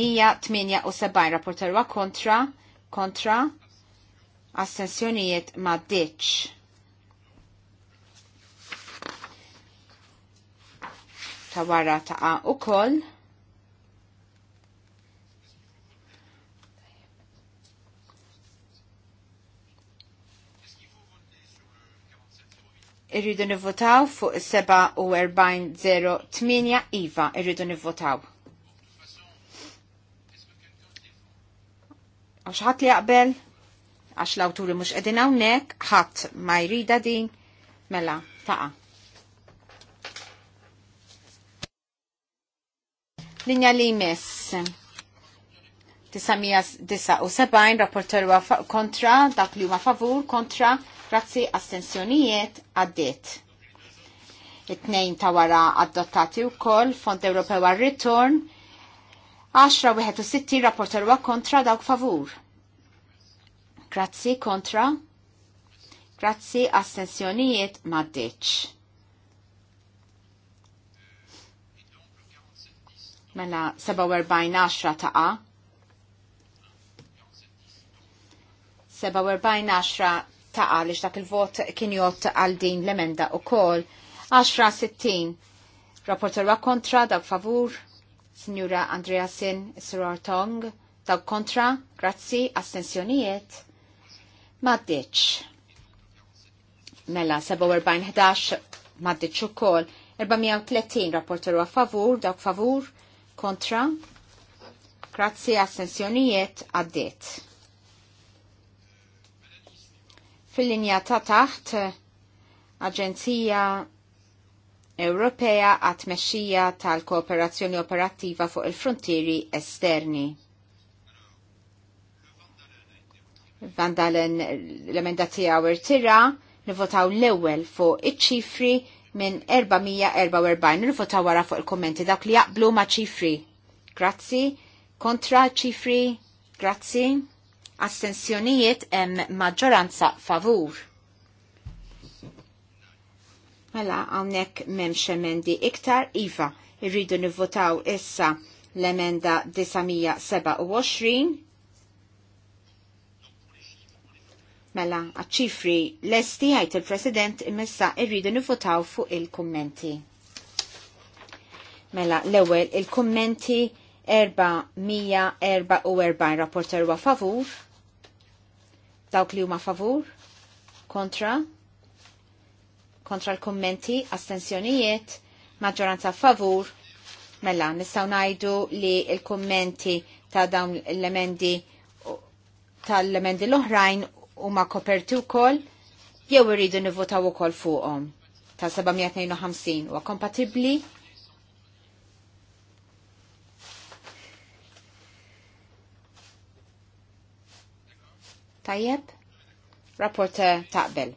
178 rapporterwa kontra kontra assenzjonijiet ma' ditx. Ta' wara ta' u koll Irridu nivvotaw fuq 7408 Iva. Irridu nivvotaw. Għax ħadd li jaqbel? Għax l-awturi mhux qegħdin hawnhekk, ħadd ma jrida din, mela taqa'. Linja li jmiss. 979 rapporter kontra dak li huma favur kontra grazzi astensjonijiet għaddiet. It-tnejn ta' wara adottati wkoll Fond Ewropew għar-Ritorn 10-61 rapporter kontra dawk favur. Grazzi kontra. Grazzi astensjonijiet maddeċ. Mela 47-10 ta' 47-10 ta' għalix dak il-vot kien jott għal din l-emenda u kol. 10-60. Rapporterwa kontra, dak favur. Signora Andrea Sin, Siror Tong. Dak kontra, grazzi, astensjonijiet. Maddiċ. Mela, 47-11, maddiċ u kol. 430 rapporterwa favur, dak favur, kontra. Grazzi, astensjonijiet, għaddit. Fil-linja ta' taħt, Aġenzija Ewropea għat tal-kooperazzjoni operattiva fuq il-frontieri esterni. Vandalen l-emenda tiegħu irtira, nivotaw l-ewwel fuq iċ-ċifri minn 444 nivotaw wara fuq il-kommenti dak li jaqblu ma' ċifri. Grazzi, kontra ċifri, grazzi astensjonijiet hemm maġġoranza favur. Mela hawnhekk m'hemmx emendi iktar iva irridu nivvotaw issa l-emenda 927 Mela, għadċifri, l-esti għajt il-President imessa irridu nivvotaw fuq il-kommenti. Mela, l-ewel, il-kommenti 444 rapporter wa favur, Dawk li huma favur? Kontra? Kontra l-kommenti? Astensjonijiet? Maġġoranza favur? Mela, nistaw najdu li l-kommenti ta' dawn l-emendi tal-emendi l-oħrajn huma koperti wkoll jew irridu nivvotaw ukoll fuqhom ta' 752 huwa kompatibbli tajjeb? Rapport taqbel.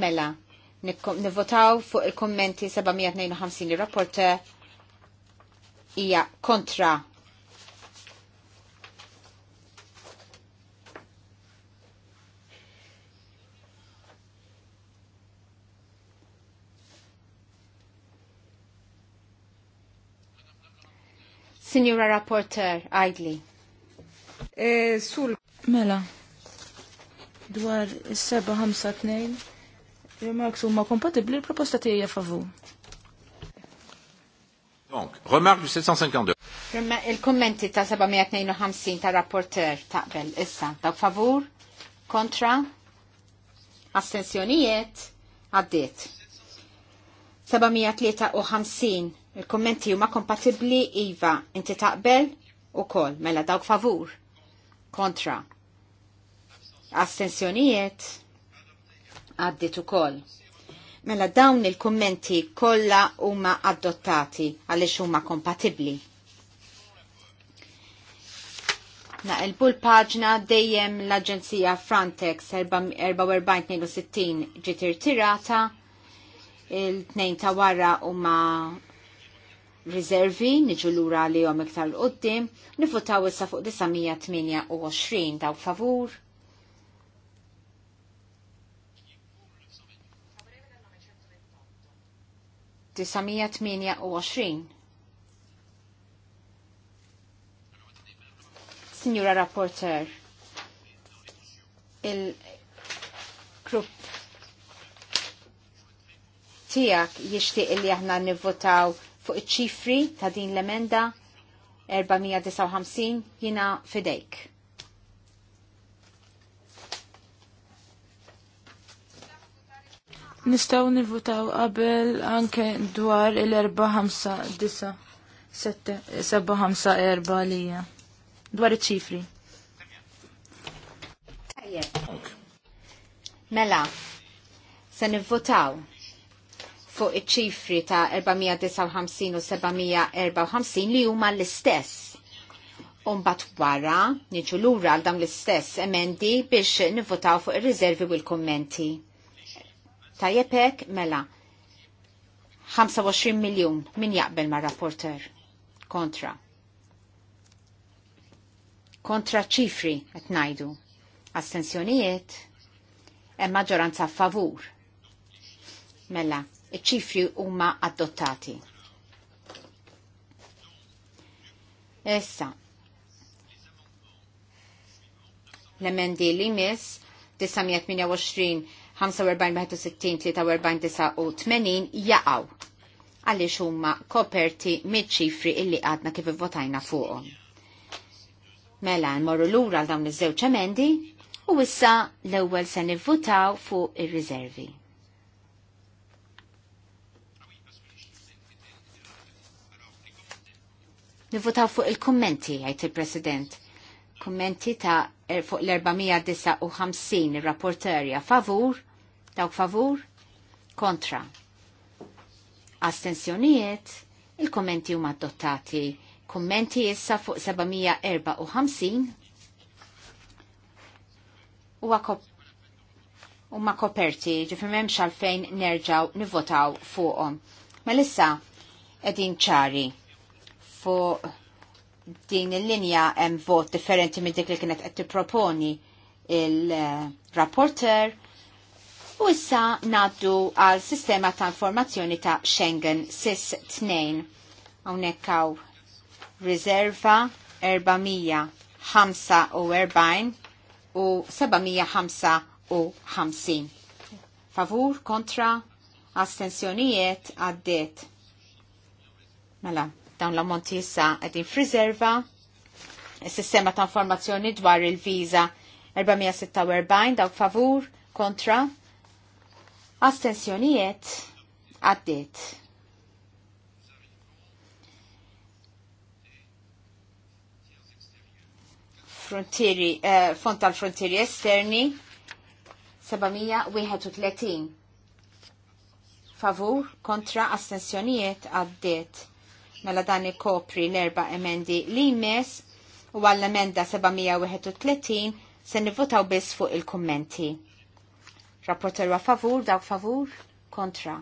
Mela, nivvotaw fuq il-kommenti 752 li rapport hija kontra Signora Rapporteur, Aidli. Eh, sul. Mela, dwar is-752 remarks huma kompatibbli l-proposta tiegħi favur. Donc, remarque du 752. Il-kommenti ta' 752 ta' rapporter taqbel issa ta' favur, kontra, astensjonijiet, għaddiet. 753 il-kommenti huma kompatibbli iva inti taqbel u kol mela dawk favur kontra Astensjonijiet għaddit ukoll. Mela dawn il-kummenti kollha huma adottati għaliex huma kompatibbli. Naqilbu l-paġna dejjem l-Aġenzija Frontex 4462 ġiet irtirata, il-tnejn ta' wara huma riservi niġu lura li jom iktar l-qoddim, nifutaw issa fuq 928 daw favur, 928. Signora Rapporteur, il-grupp tijak jishtiq li aħna nivvotaw fuq iċ-ċifri ta' din l-emenda 459 jina fidejk. Nistaw nivutaw qabel anke dwar il-4-5-9-7-5-4 lija. Dwar iċifri. ċifri Mela, se nivutaw fuq iċifri ta' 459 u 754 li huma l-istess. Umbat wara niġu ura għal dam l-istess emendi biex nivutaw fuq il riservi u l-kommenti ta' jepek mela 25 miljun min jaqbel ma' rapporter kontra. Kontra ċifri qed ngħidu. Astensjonijiet hemm maġġoranza favur. Mela, iċ-ċifri huma adottati. Essa, Issa, l-emendi li mis 928 45 61 43 jaqaw għaliex huma koperti mid-ċifri illi għadna kif votajna fuqhom. Mela l lura għal dawn iż-żewġ emendi u issa l-ewwel se nivvutaw fuq ir-riservi. Nivvotaw fuq il-kommenti, għajt il-President kummenti ta' er, fuq l-459 rapporterja favur, dawk favur, kontra. Astensjonijiet, il-kommenti huma adottati. Kommenti issa fuq 754 huwa huma koperti, ġifir m'hemmx x'alfejn nerġaw nivvotaw fuqhom. Ma mela issa qegħdin ċari fuq din il-linja hemm vot differenti minn dik li kienet qed tipproponi il-rapporter u issa naddu għal sistema ta' informazzjoni ta' Schengen SIS 2 hawnhekk hawn riserva 445 u 755. Favur kontra astensjonijiet għaddiet. Mela, dawn l-ammonti issa għedin f'riserva, sistema ta' informazzjoni dwar il-viza 446 dawk favur kontra astensjonijiet għaddit. Frontieri, eh, font tal-frontieri esterni 731 favur kontra astensjonijiet għaddit. Mela dan kopri l-erba emendi li jmiss u għall-emenda 731 se nivvotaw biss fuq il-kummenti. Rapporter wa favur, daw favur, kontra.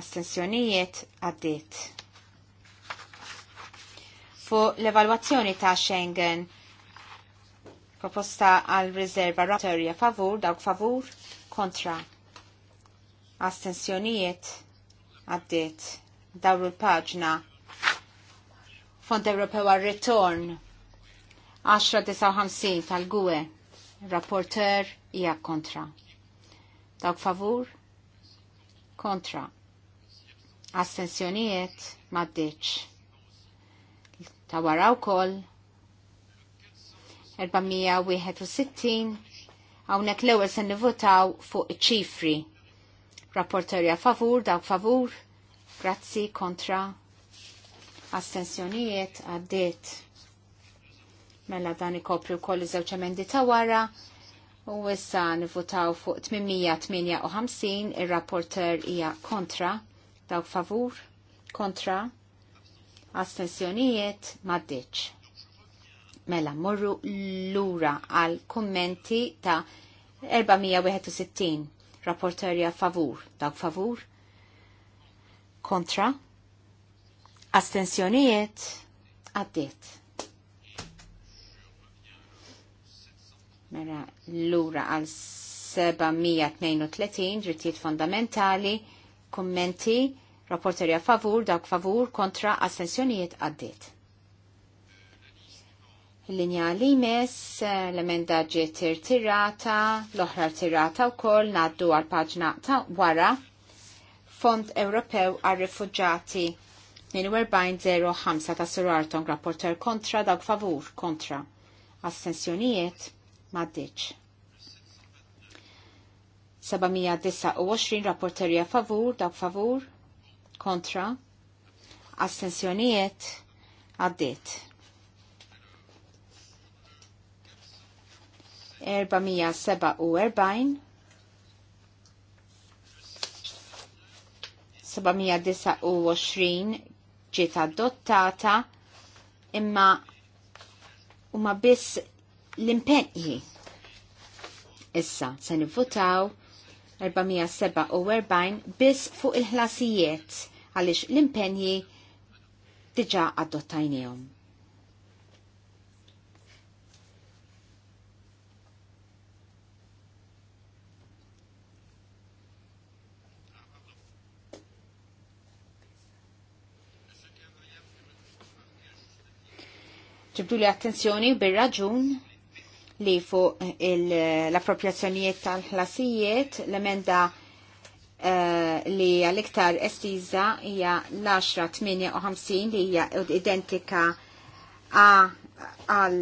Astensjonijiet għaddit. Fu l-evalwazzjoni ta' Schengen, proposta għal riserva rapporterja favur, daw favur, kontra. Astensjonijiet għaddit dawru l-paġna. Fond Ewropew għal-Return 10.59 tal-Gwe. Rapporter hija kontra. Dawk favur? Kontra. Astensjonijiet maddiċ. Ta' wara wkoll 461 hawnhekk l-ewwel se nivvotaw fuq iċifri. ċifri Rapporterja favur, dawk favur, Grazzi kontra astensjonijiet għaddiet. Mela dan ikopri wkoll iż-żewġ emendi ta' wara u issa nivutaw fuq 858 ir-rapporter hija kontra dawk favur kontra astensjonijiet maddiċ. Mela morru lura għal kummenti ta' 461 rapporterja favur, dawk favur, kontra, astensjonijiet, għaddiet. Mera l-ura għal 732 drittijiet fondamentali, kommenti, rapporteri a favur, dawk favur, kontra, astensjonijiet, għaddiet. Linja li mes, l-emenda ġiet tirata, l-oħra tirata u koll, naddu għal paġna ta' wara, Fond Ewropew għal Rifugġati. 4205 ta' Surarton rapporter kontra dawk favur kontra. Astensjonijiet maddiċ. 729 rapporterja favur dawk favur kontra. Astensjonijiet għaddit. 447 729 ġiet adottata imma huma biss l-impenji. Issa se nivvutaw 447 biss fuq il-ħlasijiet għaliex l-impenji diġa adottajnijom. ġibdu li attenzjoni bir-raġun li fuq l-appropriazzjonijiet tal-ħlasijiet l-emenda Uh, li għal-iktar estiza hija l-10-58 li hija identika għal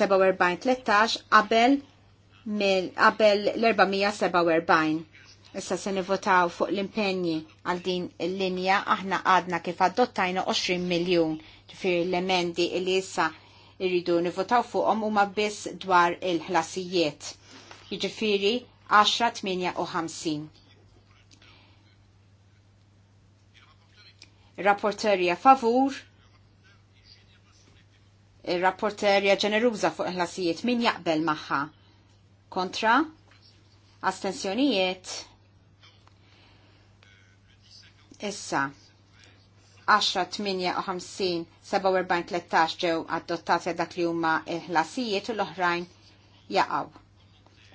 47-13 qabel qabel l-447. Issa se nivotaw fuq l-impenji għal din l-linja aħna għadna kif adottajna 20 miljon fir l-emendi li issa irridu nivotaw fuqhom huma biss dwar il-ħlasijiet. Jiġifieri 10-58. Rapporterja favur, rapporterja ġeneruża fuq il-ħlasijiet min jaqbel magħha. Kontra? Astensjonijiet? Issa, 10-58-47-13 ġew adottati dak li huma ħlasijiet u l-oħrajn jaqaw.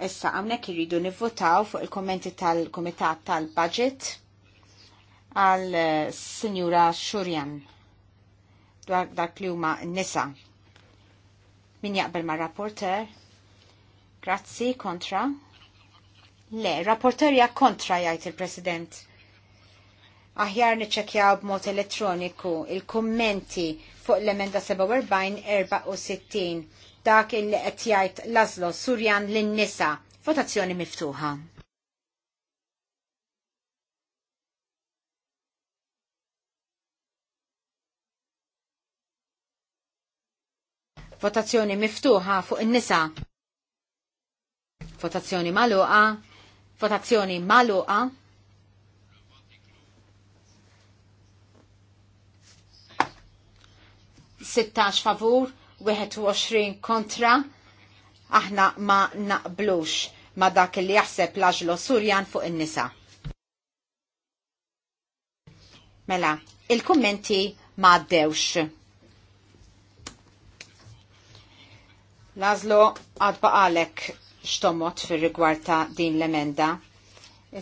Issa hawnhekk iridu nivvotaw fuq il-kommenti tal-Kumitat tal-Budget għal eh, Sinjura Xurjan dwar dak li huma nisa. Min jaqbel ma' rapporter? Grazzi, kontra? Le, rapporter ja kontra jgħid il-President aħjar niċċekjaw b'mod elettroniku il-kummenti fuq l-emenda 47-64 dak il qed jgħid Lazlo Surjan lin-nisa. Votazzjoni miftuħa. Votazzjoni miftuħa fuq in-nisa. Votazzjoni maluqa. Votazzjoni maluqa. 16 favur, 21 kontra, aħna ma naqblux ma dak li jaħseb laġlo Surjan fuq in-nisa. Mela, il-kommenti ma għaddewx. Lazlo għad baqalek xtomot fir rigward ta' din l-emenda.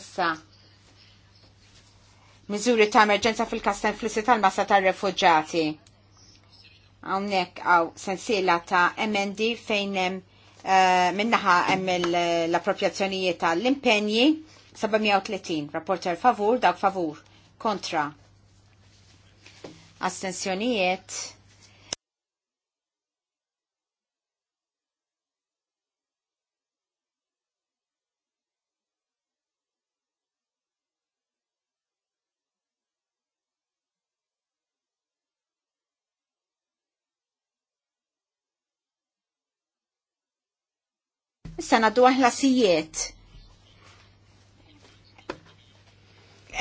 Issa, miżuri ta' emerġenza fil-kastan fl-issi tal-massa tal-refugġati Hawnhekk għaw sensila ta' emendi fejn hemm uh, minnaħa hemm l-appropjazzjonijiet tal-impenji 730 rapporter favur dak favur kontra astensjonijiet Issa naddu sijiet.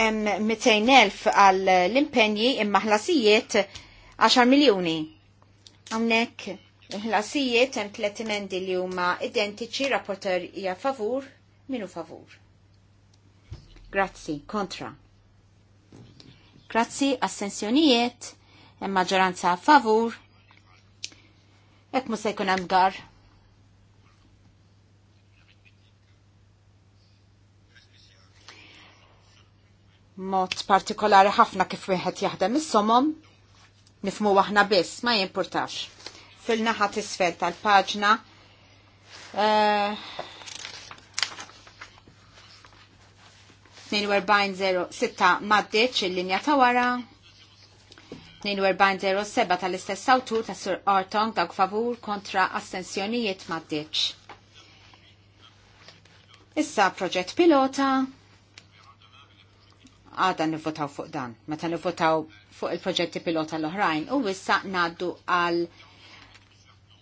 Em 200.000 għal l-impenji imma ħlasijiet 10 miljoni. Għamnek ħlasijiet hemm tliet mendi li huma identiċi rapporter hija favur minu favur. Grazzi, kontra. Grazzi, assenzjonijiet, hemm maġġoranza favur, Ek musa jkun gar. mod partikolari ħafna kif wieħed jaħdem is-somom nifmu aħna biss, ma jimpurtax. Fil-naħa t-isfel tal-paġna uh, eh, 4206 maddeċ il-linja ta' wara 4207 tal-istess awtur ta' Sir Orton, dawk favur kontra astensjonijiet maddeċ. Issa proġett pilota għada nivvotaw fuq dan, meta nivvotaw fuq il-proġetti pilota l-oħrajn, u wissa naddu għal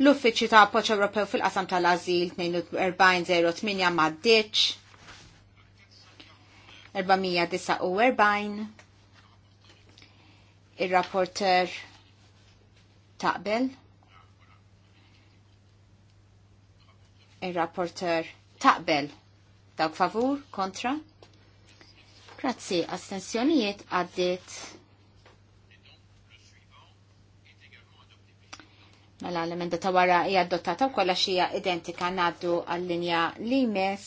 l-Uffiċċju ta' Poċ Ewropew fil-qasam tal-Azil 2408 maddiċ 449 il-rapporter taqbel il-rapporter taqbel dawk favur kontra Grazzi, astensjonijiet għaddit. Mela l-emenda ta' wara hija adottata wkoll għax hija identika ngħaddu għall-linja limes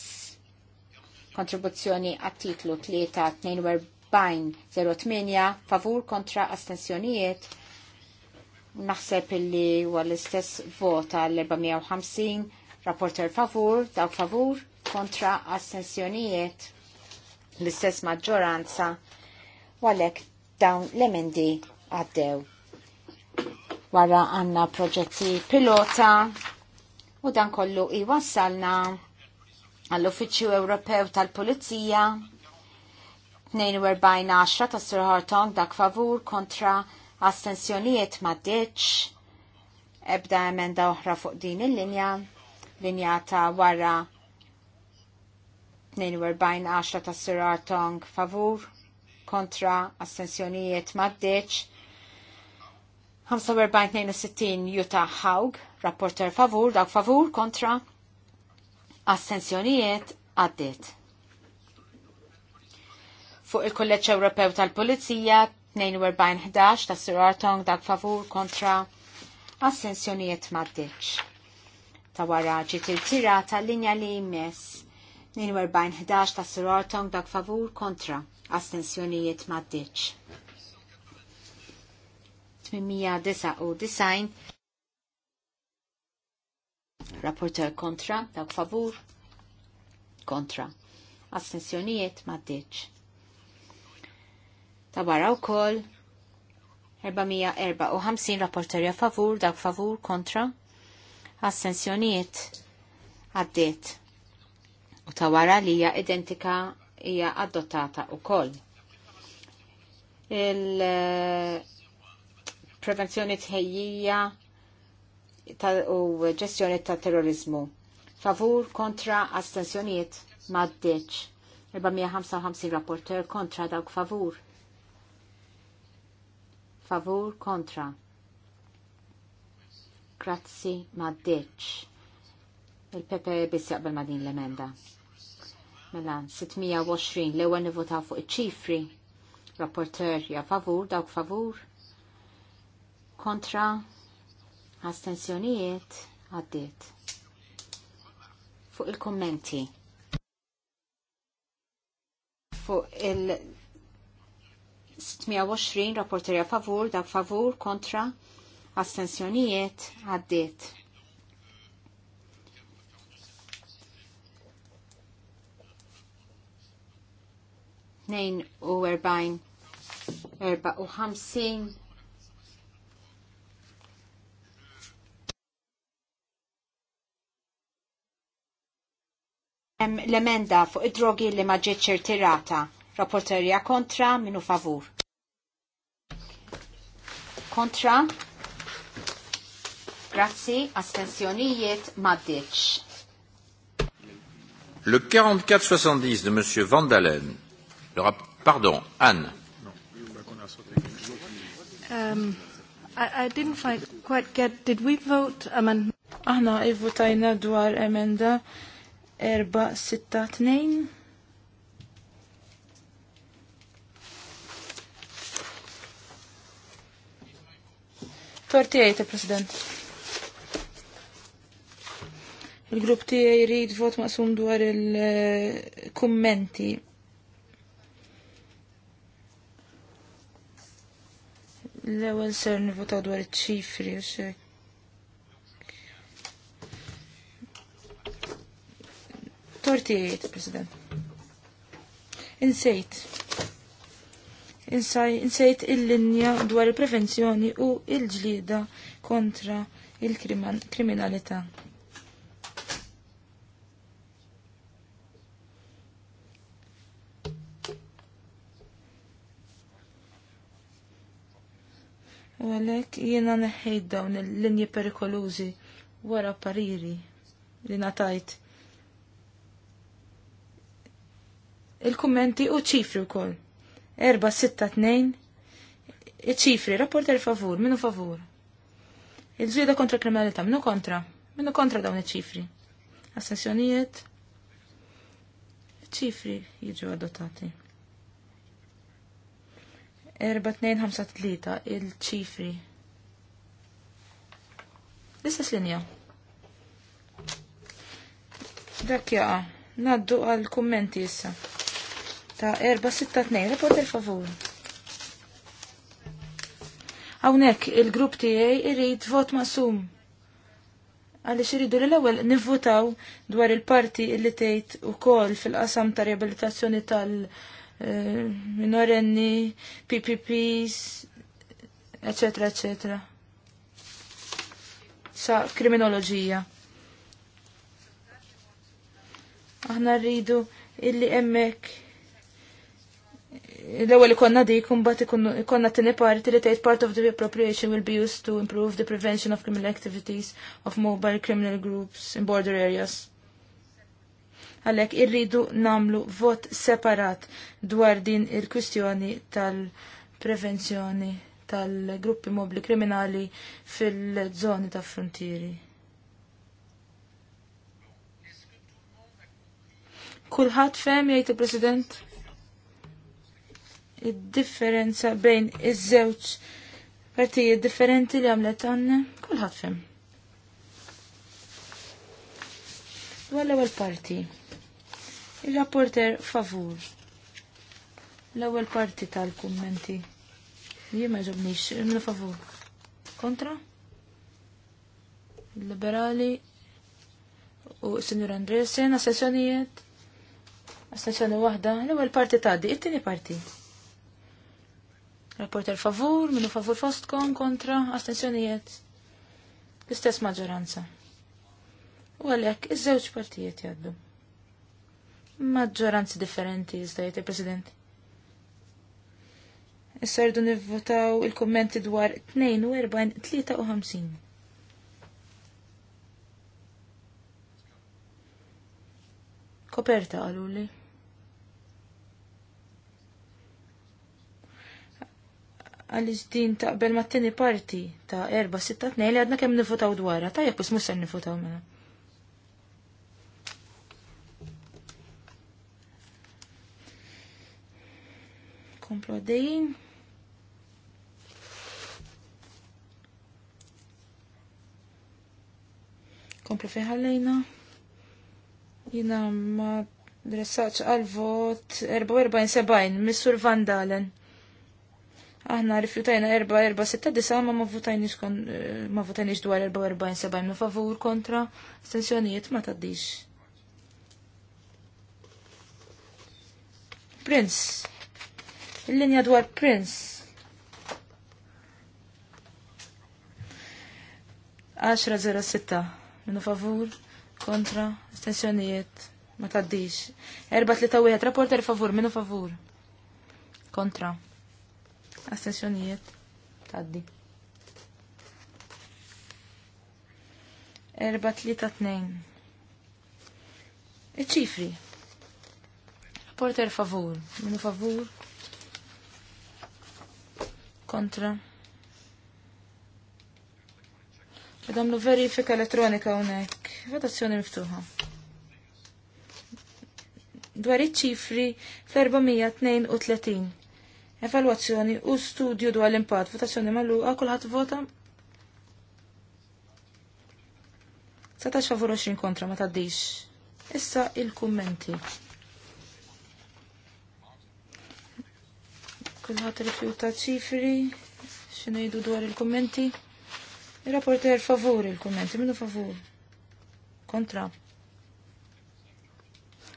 kontribuzzjoni għat-titlu 42 8, favur kontra astensjonijiet naħseb illi huwa l-istess vota għall 450 rapporter favur, daw favur kontra astensjonijiet l-istess maġġoranza għalek dawn l-emendi għaddew. Wara għanna proġetti pilota u dan kollu jwassalna għall-Uffiċċju Ewropew tal-Pulizija 42-10 ta' Sir dak favur kontra astensjonijiet ma' ebda emenda oħra fuq din il-linja linja ta' wara 42-10 ta' Sirar Tong favur kontra astensjonijiet maddeċ 45-62 Juta Haug rapporter favur dak favur kontra astensjonijiet għaddit fuq il-Kolleġġ Ewropew tal-Pulizija 42-11 ta' Sirar Tong dak favur kontra assenzjonijiet maddeċ. Ta' wara ġiet il-tira tal-linja li jmess 42-11 ta' Sir Ortong dak favur kontra astensjonijiet maddiċ. 899 Rapporter kontra dak favur kontra astensjonijiet maddiċ. Ta' barra u koll 454 rapporterja favur dak favur kontra astensjonijiet għaddiet u ta' wara li hija identika hija adottata wkoll. Il-prevenzjoni eh, tħejjija u ġestjoni ta' terrorizmu. Favur kontra astensjonijiet maddeċ. 455 rapporter kontra dawk favur. Favur kontra. Grazzi maddeċ. Il-Pepe jaqbel ma din l-emenda. Mela, 620 l-ewwel nivotaw fuq iċ-ċifri. Rapporter ja favur, dawk favur. Kontra astensjonijiet għaddiet. Fuq il-kommenti. Fuq il- 620 rapporter ja favur, dawk favur, kontra astensjonijiet għaddiet. 42 54 l-emenda fuq id-drogi li ma ġiet ċertirata. Rapporterja kontra, minu favur. Kontra. Grazzi, astensjonijiet maddiċ. Le 4470 de M. Vandalen Le rap Pardon, Anne. Um, I, I didn't find, quite get, did we vote amendment? Aħna votajna dwar emenda 462. Torti għajte, President. Il-grupp tiegħi jrid vot maqsum dwar il-kummenti eh, L-ewwel ser nivvotaw dwar iċ-ċifri u xek. Tortijiet, President. Insejt. Insejt il-linja dwar il-prevenzjoni u il-ġlida kontra il-kriminalità. -krimin U għalhekk jiena neħħejt dawn l linji perikolużi wara pariri li natajt. Il-kummenti u ċifri wkoll. Erba sitta tnejn. Iċ-ċifri, rapporter favur, minu favur. il ġida kontra kriminalità, minu kontra. Minu kontra dawn iċ-ċifri. Assessjonijiet. Iċ-ċifri jiġu adottati. 4253 il-ċifri. L-istess linja. Dak jaqa, naddu għal kummenti issa. Ta' 462, report il-favur. Hawnhekk il-grupp tiegħi irid vot maqsum. Għaliex iridu l ewwel nivvutaw dwar il-parti li tgħid ukoll fil-qasam ta' riabilitazzjoni tal- minorenni, PPPs, eccetera, eccetera. Sa kriminoloġija. Aħna rridu illi emmek l-ewwel konna dik imbagħad ikonna tieni parti li tgħid part of the appropriation will be used to improve the prevention of criminal activities of mobile criminal groups in border areas għalhekk irridu namlu vot separat dwar din il-kwistjoni tal-prevenzjoni tal-gruppi mobli kriminali fil-żoni ta' frontieri. Kulħadd fem jgħid il-President id-differenza bejn iż-żewġ partijiet differenti li għamlet għanna, Kulħat fem. Dwar l-ewwel parti. Il-rapporter favur. L-ewwel parti tal-kummenti. Jien ma ġobnix, imlu favur. Kontra? Liberali u Sinjur Andresen, assessjonijiet. Assessjoni waħda, l-ewwel parti tgħaddi, it-tieni parti. Rapporter favur, minnu favur fostkom, kontra, astensjonijiet. L-istess maġġoranza. U għalhekk iż-żewġ partijiet jgħaddu maġġoranzi differenti, zdajt il-President. Issa rridu nivvotaw il-kommenti dwar 42-53. Koperta li. għalix din taqbel mat t-tini parti ta' 4-6-2 li għadna kem nifutaw dwarra, ta' jekus mussar nifutaw minna. Mela. nkomplu għaddejjin. Komplu fiħallejna. Jina ma dressaċ għal-vot 44-70, Missur Van Dalen. Aħna rifjutajna 4-4-6-9 ma ma votajnix eh, dwar 44-70, ma favur kontra stensjonijiet ma taddix. Prince, Il-linja dwar Prince. 10.06 minu favur, kontra, estensjonijiet, ma taddix. 4.31 rapporter favur, minu favur, kontra, estensjonijiet, taddi. 4-3-2 Iċifri Rapporter favur Minu favur kontra. Għadamlu verifika elettronika unek. Votazzjoni miftuħa. Dwar iċ-ċifri fl-432. Evalwazzjoni u studju dwar l-impatt. Votazzjoni mallu kulħadd vota. 17 favur 20 kontra ma taddix. Issa il-kummenti. Kulħadd irrifjuta ċifri, x'ngħidu dwar il-kummenti. Il-rapporter favur il-kummenti, minnu favur. Kontra.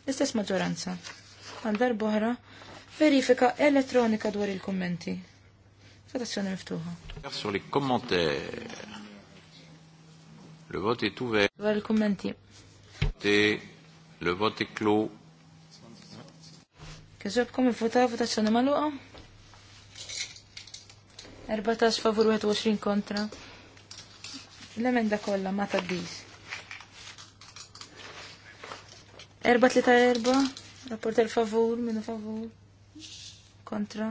L-istess maġġoranza. Għandar darbohra verifika elettronika dwar il-kummenti. Votazzjoni miftuħa. Sur li kommenter. Le vote est ouvert. Dwar il-kummenti. Le vote est clos. Kizobkom il-vota votazzjoni maluqa? 14 favur 21 kontra. L-emenda kollha ma taddix. 4-3-4, rapporter favur, minu favur, kontra.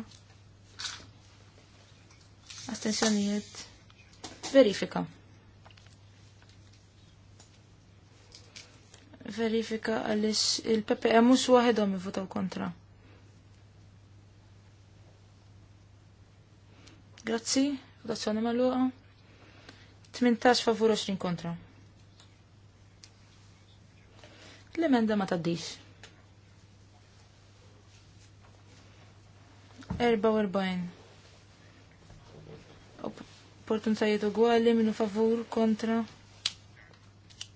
Astensjonijiet. Verifika. Verifika għalix il-PPM e mux waħedhom jivutaw kontra. Grazzi, votazzjoni maluqa. 18 favur 20 kontra. L-emenda ma taddix. 44. Opportunitajiet ugwali minnu favur kontra.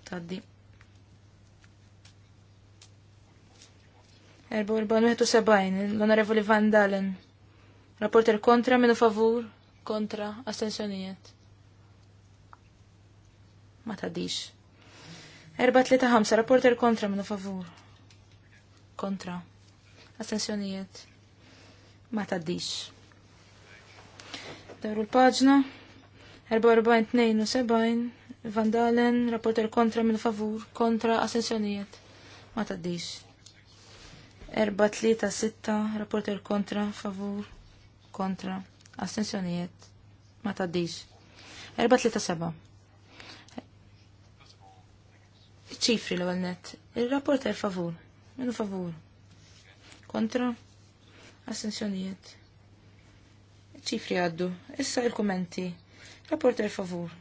Taddi. 44, 71, l-onorevoli Van Dalen. Rapporter kontra minnu favur kontra astensjonijiet. Ma tadix. 4-3-5 rapporter kontra minu favur. Kontra. Astensjonijiet. Ma tadix. Dawru l-pagġna. 44-72 Vandalen, rapporter kontra minn favur, kontra assenzjonijiet. Ma tadix. 4-3-6, rapporter kontra, favur, kontra, Astensjonijiet. Ma taddix. seba. ċifri l-ewwel net. Il-rapport er favur. Minu favur. Kontra. Astensjonijiet. ċifri għaddu. Issa il-kommenti. Rapport er favur.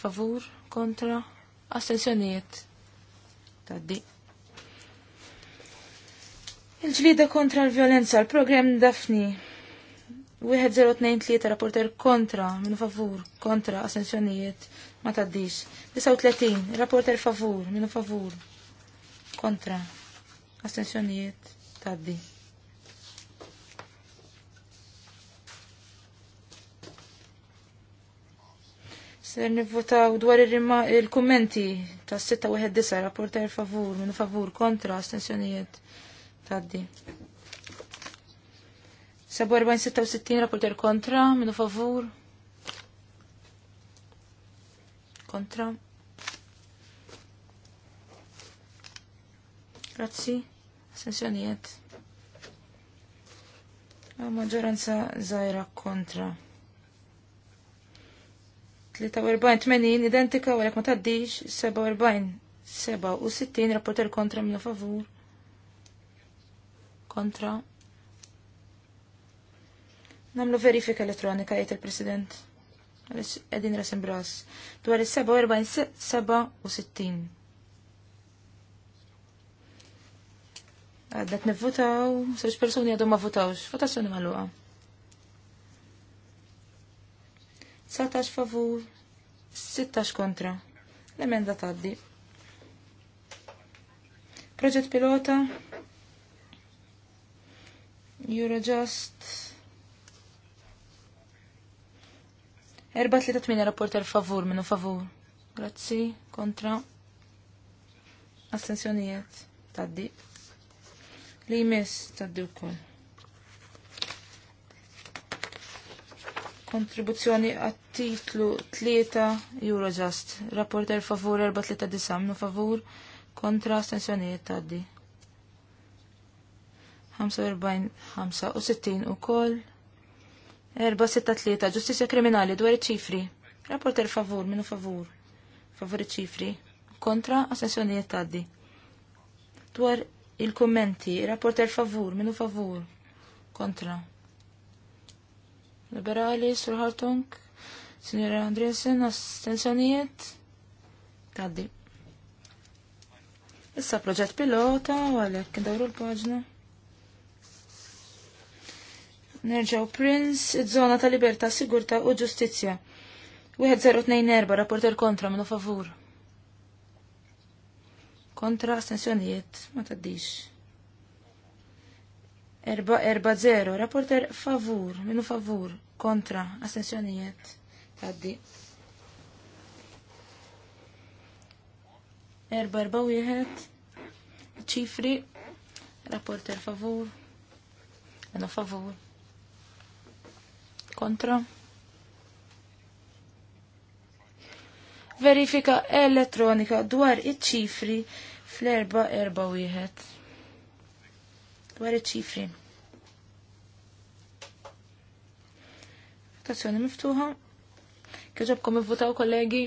Favur. Kontra. Astensjonijiet. Taddi. Il-ġlida kontra l-violenza, l-program Dafni, 1023 rapporter kontra, minu favur, kontra, assenzjonijiet, ma taddis. 39, rapporter favur, minu favur, kontra, assenzjonijiet, taddi. Ser nivvotaw dwar il-kommenti ta' 619 rapporter favur, minu favur, kontra, assenzjonijiet, taddi. 47-66 rapporter kontra, minu favur. Kontra. Grazzi. Sessjonijiet. Maġġoranza zaħira kontra. 43-80 identika għalek ma taddix 47-67 rapporter kontra minu favur. Kontra. Namlu verifika elettronika jgħid il-President. Edin rasim bras. Dwar il-67 Għaddet nivvotaw, sewġ personi għadhom ma votawx, votazzjoni magħluqa. 19 favur, 16 kontra. L-emenda taddi. Proġett pilota. Eurojust. 4-3-8 rapporter favur minnu favur. Grazzi, kontra. Astensjonijiet, taddi. Li jmiss, taddi u koll. Kontribuzzjoni għat-titlu 3 Eurojust. Rapporter favur 4-3-9 minnu favur. Kontra, astensjonijiet, taddi. 45-65 u koll tlieta, ġustizja kriminali dwar iċ-ċifri. Rapporter favur, minu favur. Favur iċ-ċifri. Kontra assenzjonijiet jettaddi. Dwar il-kommenti, rapporter favur, minu favur. Kontra. Liberali, Sur Hartung, Signora Andresen, astensjonijiet. Taddi. Issa proġett pilota, għalek, kendawru l-pagġna. Nerġaw Prince, id żona ta' libertà, sigurtà u ġustizzja. 1024, rapporter kontra, minu favur. Kontra, astensjonijiet, ma taddix. 4-0, rapporter favur, minu favur, kontra, astensjonijiet, taddi. 4 4 ċifri, rapporter favur, minu favur kontra. Verifika elettronika dwar iċ-ċifri fl 4 Dwar iċ-ċifri. Votazzjoni miftuħa. Kieġobkom votaw kollegi.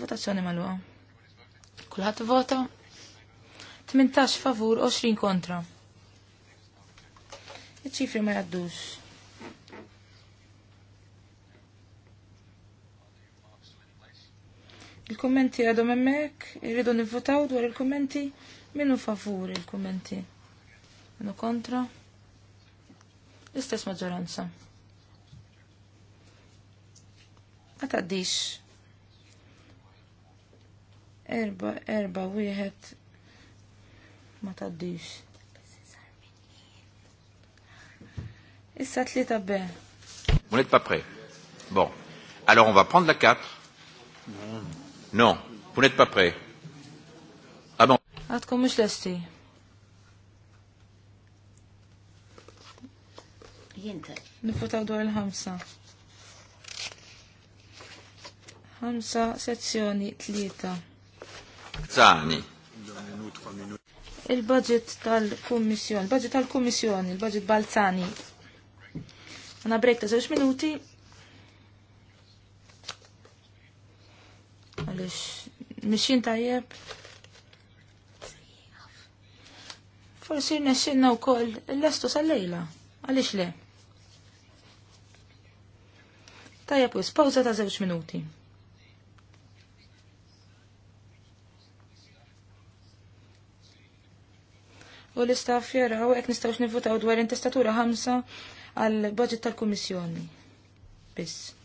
Votazzjoni mal-għu. Kulħat vota. 18 favur, 20 kontra ċifri ma jaddux. Il-kommenti għadhom hemmhekk, irridu nivvotaw dwar il-kommenti minnu favur il-kommenti. Minnu kontra. L-istess maġġoranza. Ma taddix? Erba, erba, wieħed ma taddix. Issa tlieta B. Vous n'êtes pas prêt. Bon. Alors on va prendre la 4. Non. non. Vous n'êtes pas prêt. Ah bon. Għadkom mux lesti. Jinta. Nifotaw dwar il-ħamsa. Ħamsa sezzjoni tlieta. Zani. Il-budget tal-kummissjoni, il-budget tal-kummissjoni, il-budget Balzani, Għana break ta' zewġ minuti. Għalix, mixin tajjeb. Forsi nesċinna u koll l-lestu sal-lejla. Għalix le? Tajjeb u spawza ta' zewġ minuti. u l-istaff jaraw jek nistawx nivvotaw dwar intestatura ħamsa għal budget tal komissjoni Biss.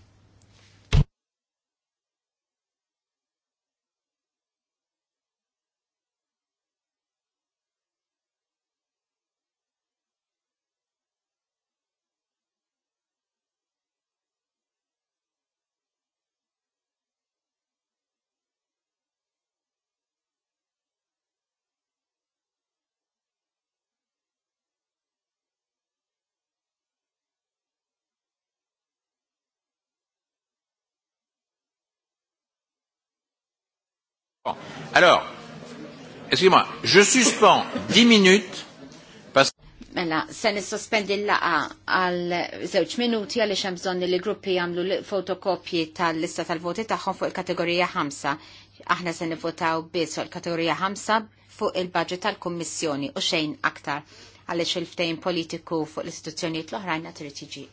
Bon. Alors, excusez-moi, je suspends 10 minutes. Mela, se nissospendi l-laqa għal żewġ minuti għal hemm bżonn li gruppi jagħmlu fotokopji tal-lista tal-voti tagħhom fuq il-kategorija 5. Aħna se nivvotaw biss fuq il-kategorija 5 fuq il-budget tal-Kummissjoni u xejn aktar għaliex il-ftejn politiku fuq l-istituzzjonijiet l-oħrajn għat irid jiġi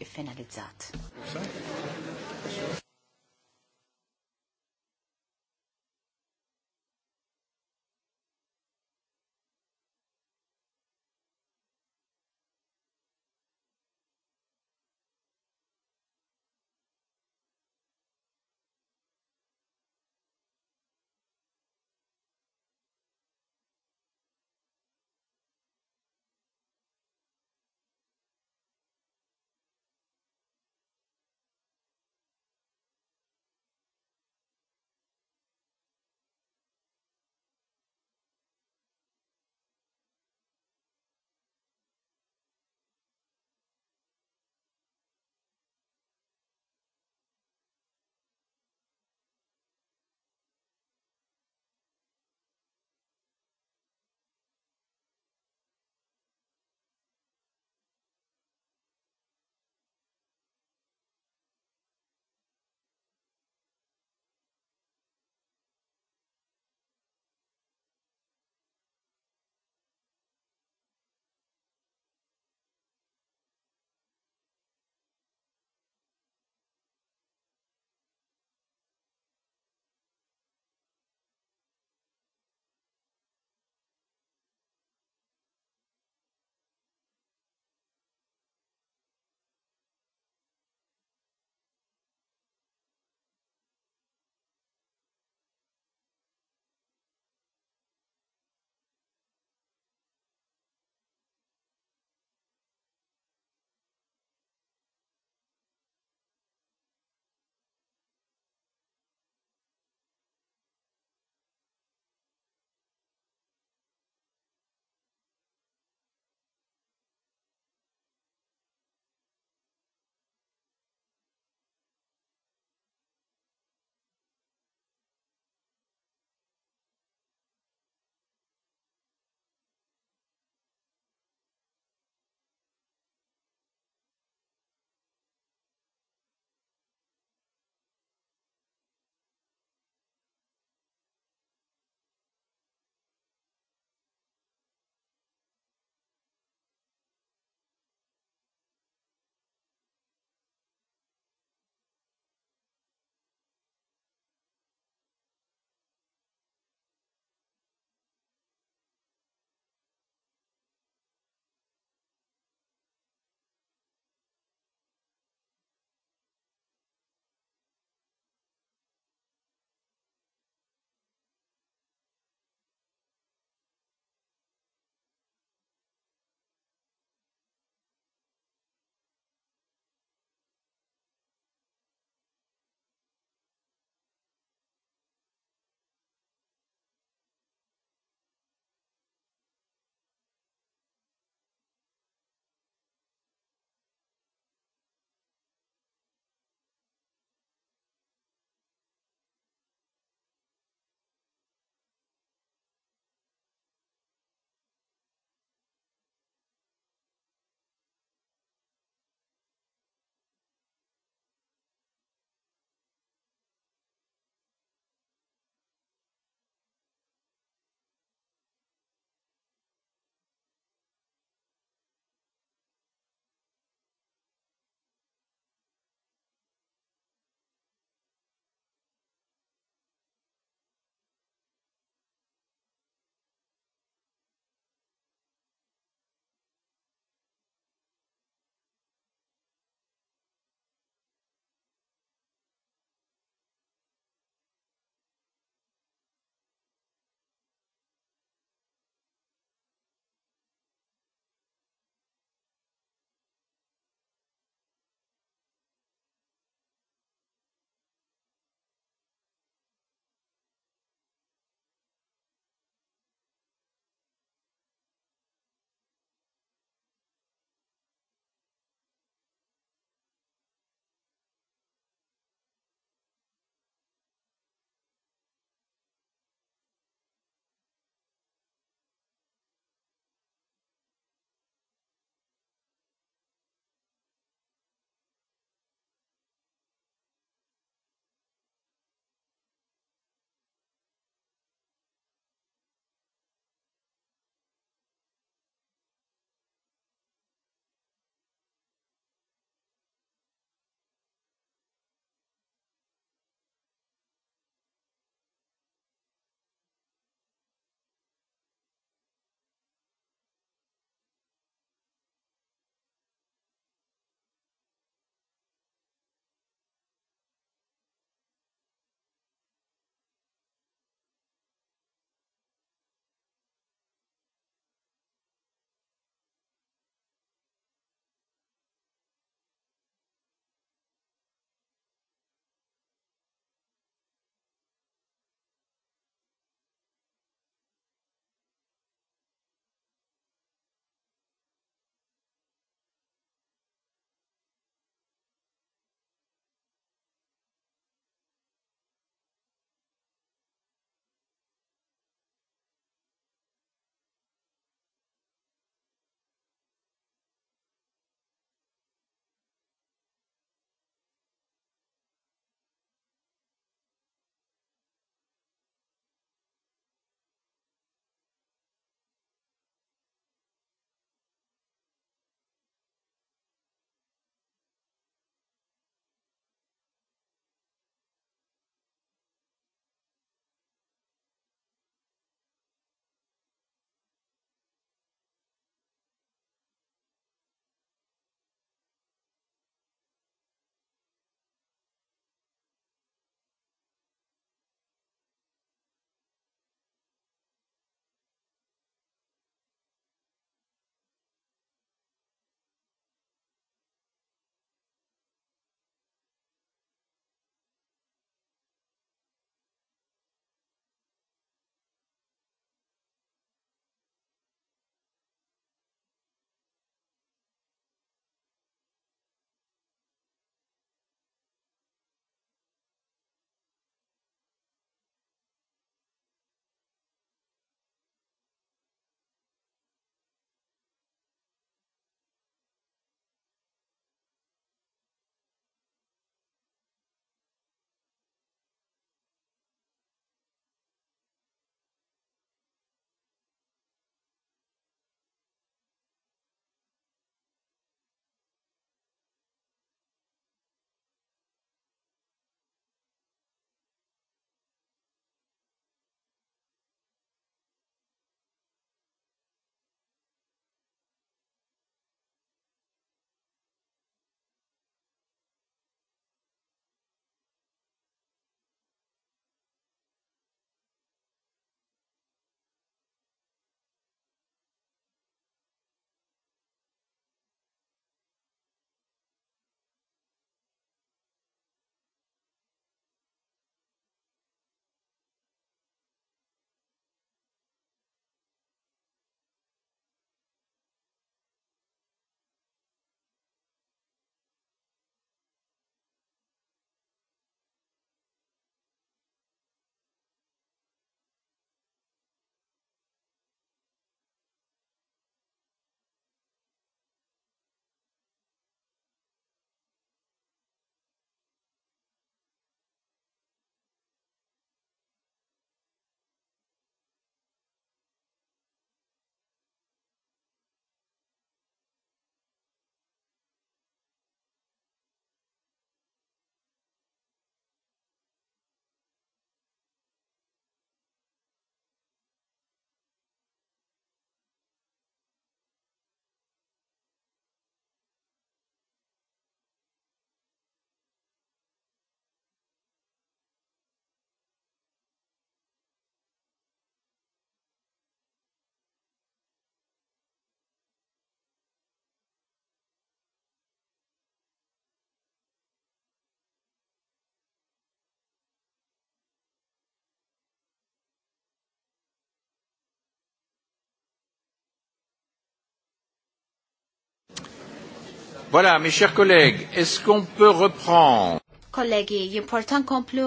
Voilà, mes chers collègues, est-ce qu'on peut reprendre Kollegi, jimportan komplu?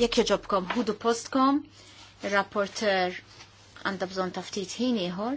Jekk joġobkom, ħudu postkom, il-rapporter għanda bżon ta' ftit ħin ieħor.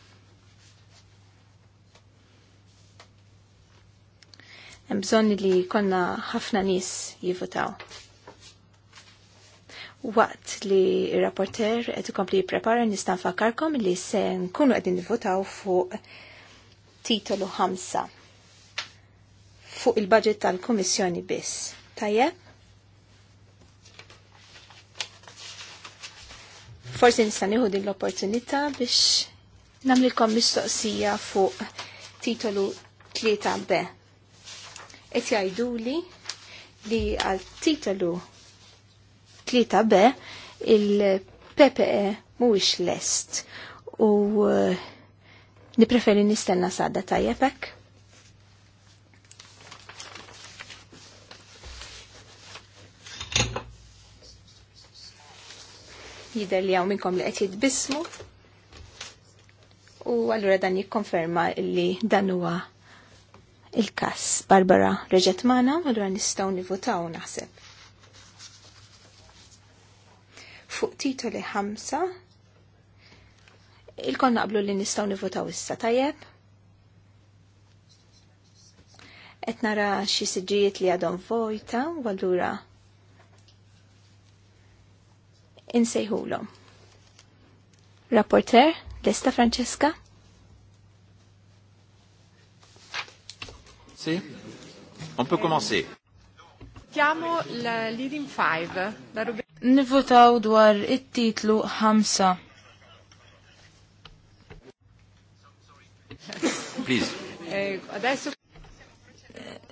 Hemm bżonn li konna ħafna nies jivvotaw. Waqt li rapporter qed ikompli jipprepara nista' nfakkarkom li se nkunu qegħdin nivvotaw fuq titolu 5 fuq il-budget tal-Kummissjoni biss. Tajjeb? Forsi nista' nieħu din l-opportunità biex nagħmlilkom mistoqsija fuq titolu 3B qed jajdu li għal titolu 3B il-PPE mhuwiex lest u eh, nipreferi nistenna sadda tajjebek. Jider li għaw minkom li qed bismu u allura dan jikkonferma li dan huwa il-kas. Barbara reġet maħna, madwar nistaw nivotaw naħseb. Fuq titoli ħamsa, il-kon naqblu li nistaw nivotaw issa tajjeb. Et nara xi siġijiet li għadhom vojta, għallura insejħulhom. Rapporter, Lesta Francesca? Sì? On peut commencer. Chiamo la leading five. La rub- Nivotaw dwar il titlu 5. Please. Eh, Adesso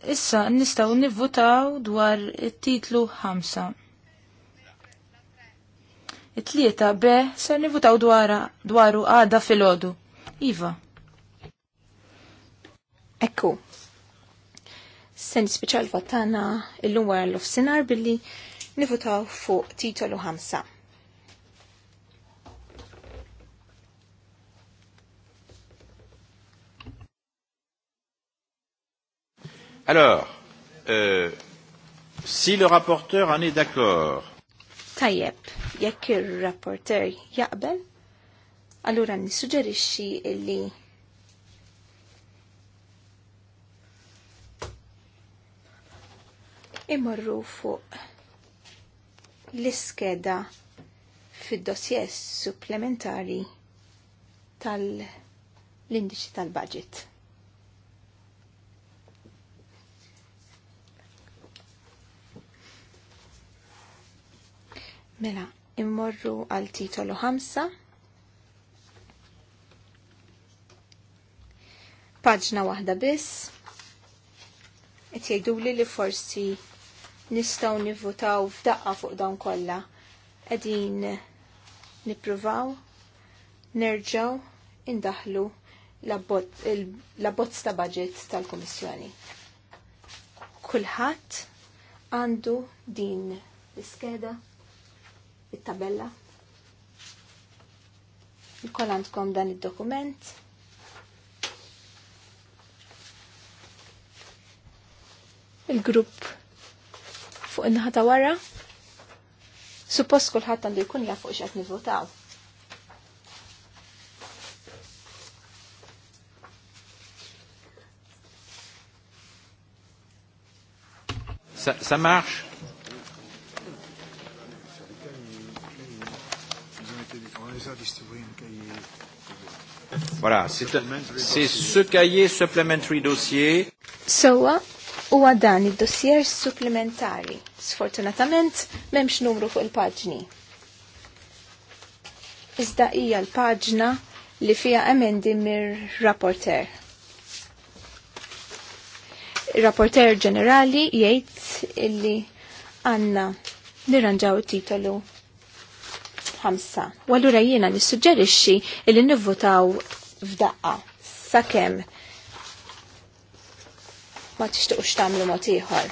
Issa nistaw nivvutaw dwar it-titlu ħamsa. It-tlieta B ser nivvutaw dwaru għada fil-ħodu. Iva. Ekku. Sen speċal votana il-lum wara l-ofsinar billi nivutaw fuq titolu ħamsa. Alors, euh, si le rapporteur en est d'accord. Tajjeb, jekk ir rapporteur jaqbel, allura nissuġġerixxi li imorru fuq l-iskeda fid-dossiers supplementari tal-indiċi tal-budget. Mela, immorru għal titolu 5. Paġna waħda biss. Et jgħidu li li forsi nistaw nivvutaw f'daqqa fuq dawn kollha. Qegħdin nippruvaw nerġaw indaħlu l-abbozz ta' budget tal-Kummissjoni. Kulħadd għandu din l-iskeda, it-tabella. Ikoll għandkom dan id-dokument. Il-grupp fuq in-naħa wara. Suppost kulħadd għandu jkun jaf fuq x'qed nivvotaw. Ça, marche Voilà, c'est ce cahier supplementary dossier. So, uh, u għadan id-dossier supplementari. Sfortunatament, memx numru fuq il-paġni. Iżda hija l-paġna li fija emendi mir-rapporter. Rapporter ġenerali jgħid illi għanna nirranġaw titolu 5. Walura jiena nissuġġerixxi illi nivvutaw f'daqqa sakemm ma tixtuqx tagħmlu ma ieħor.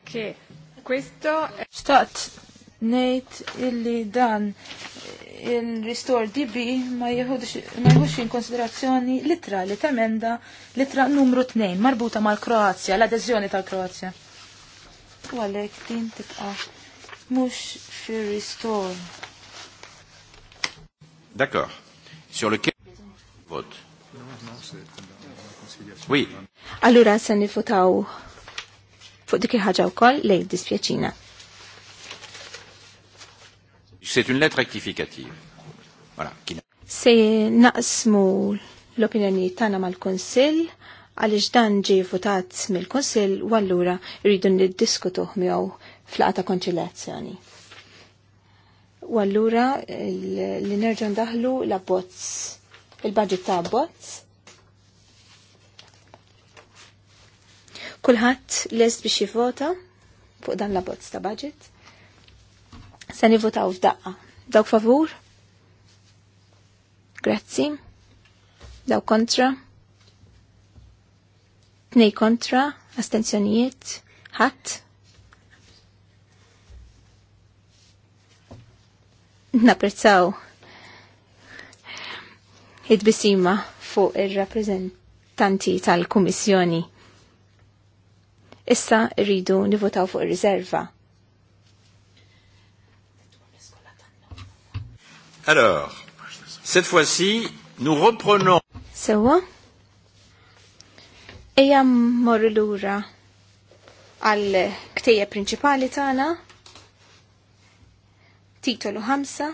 Okay. Questo xtaqt nejt illi dan il-ristor DB ma jħux in konsiderazzjoni litra li temenda litra numru 2 marbuta mal-Kroazja, l-adeżjoni tal-Kroazja. U għalek din tibqa mux fil-ristor. D'accord. Sur le Vote. Non, non, c'est Oui. Allura se nifutaw fuq dik il-ħaġa wkoll lej dispjaċina. C'est une lettre rectificative. Voilà. Se naqsmu l-opinjoni tagħna mal-Kunsill għaliex dan ġie votat mill-Kunsill u allura rridu niddiskutuh miegħu fl-qata konċiljazzjoni. U allura li nerġa' ndaħlu l-abbozz, il-budget ta' abbozz Kulħadd lest biex jivvota fuq dan la bozz ta' budget. Se nivvotaw f'daqqa. Dawk favur? Grazzi. Dawk kontra? Tnej kontra? Astenzjonijiet? Ħadd? Naprezzaw id-bisima fuq ir rappreżentanti tal-Kummissjoni Issa rridu nivotaw fuq ir-riserva. Alors, cette fois-ci, nous reprenons. Sewa? Eja morru lura għal ktejja prinċipali tagħna titolu 5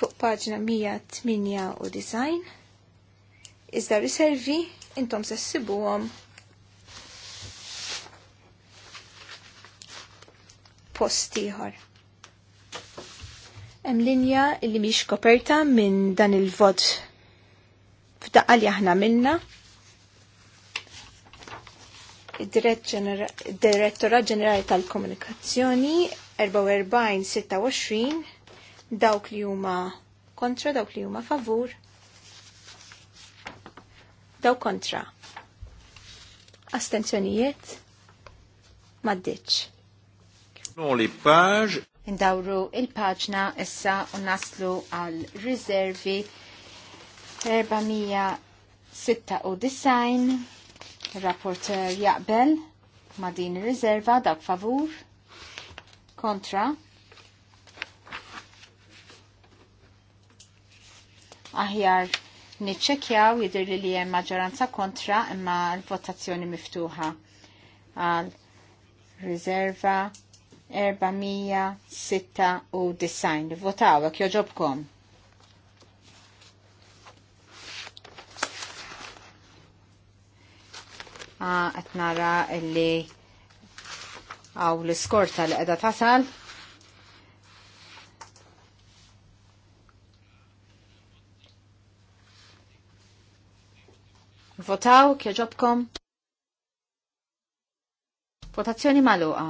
fuq paġna 198 Iżda riservi intom se ssibuhom post ieħor. Hemm linja li mhix koperta minn dan il-vot f'daqqa li aħna minna. Direttora ġenerali tal-komunikazzjoni 44-26 dawk li huma kontra, dawk li huma favur daw kontra. Astenzjonijiet maddiċ. Indawru il-paġna issa u naslu għal riservi 496 rapporter jaqbel ma din riserva dak favur kontra aħjar Niċċekjaw jidher li li hemm maġġoranza kontra imma l-votazzjoni miftuħa għal riserva 496 votaw għak joġobkom. Ah, qed nara li għaw l skorta li qiegħda tasal. votaw kieġobkom. Votazzjoni maluqa.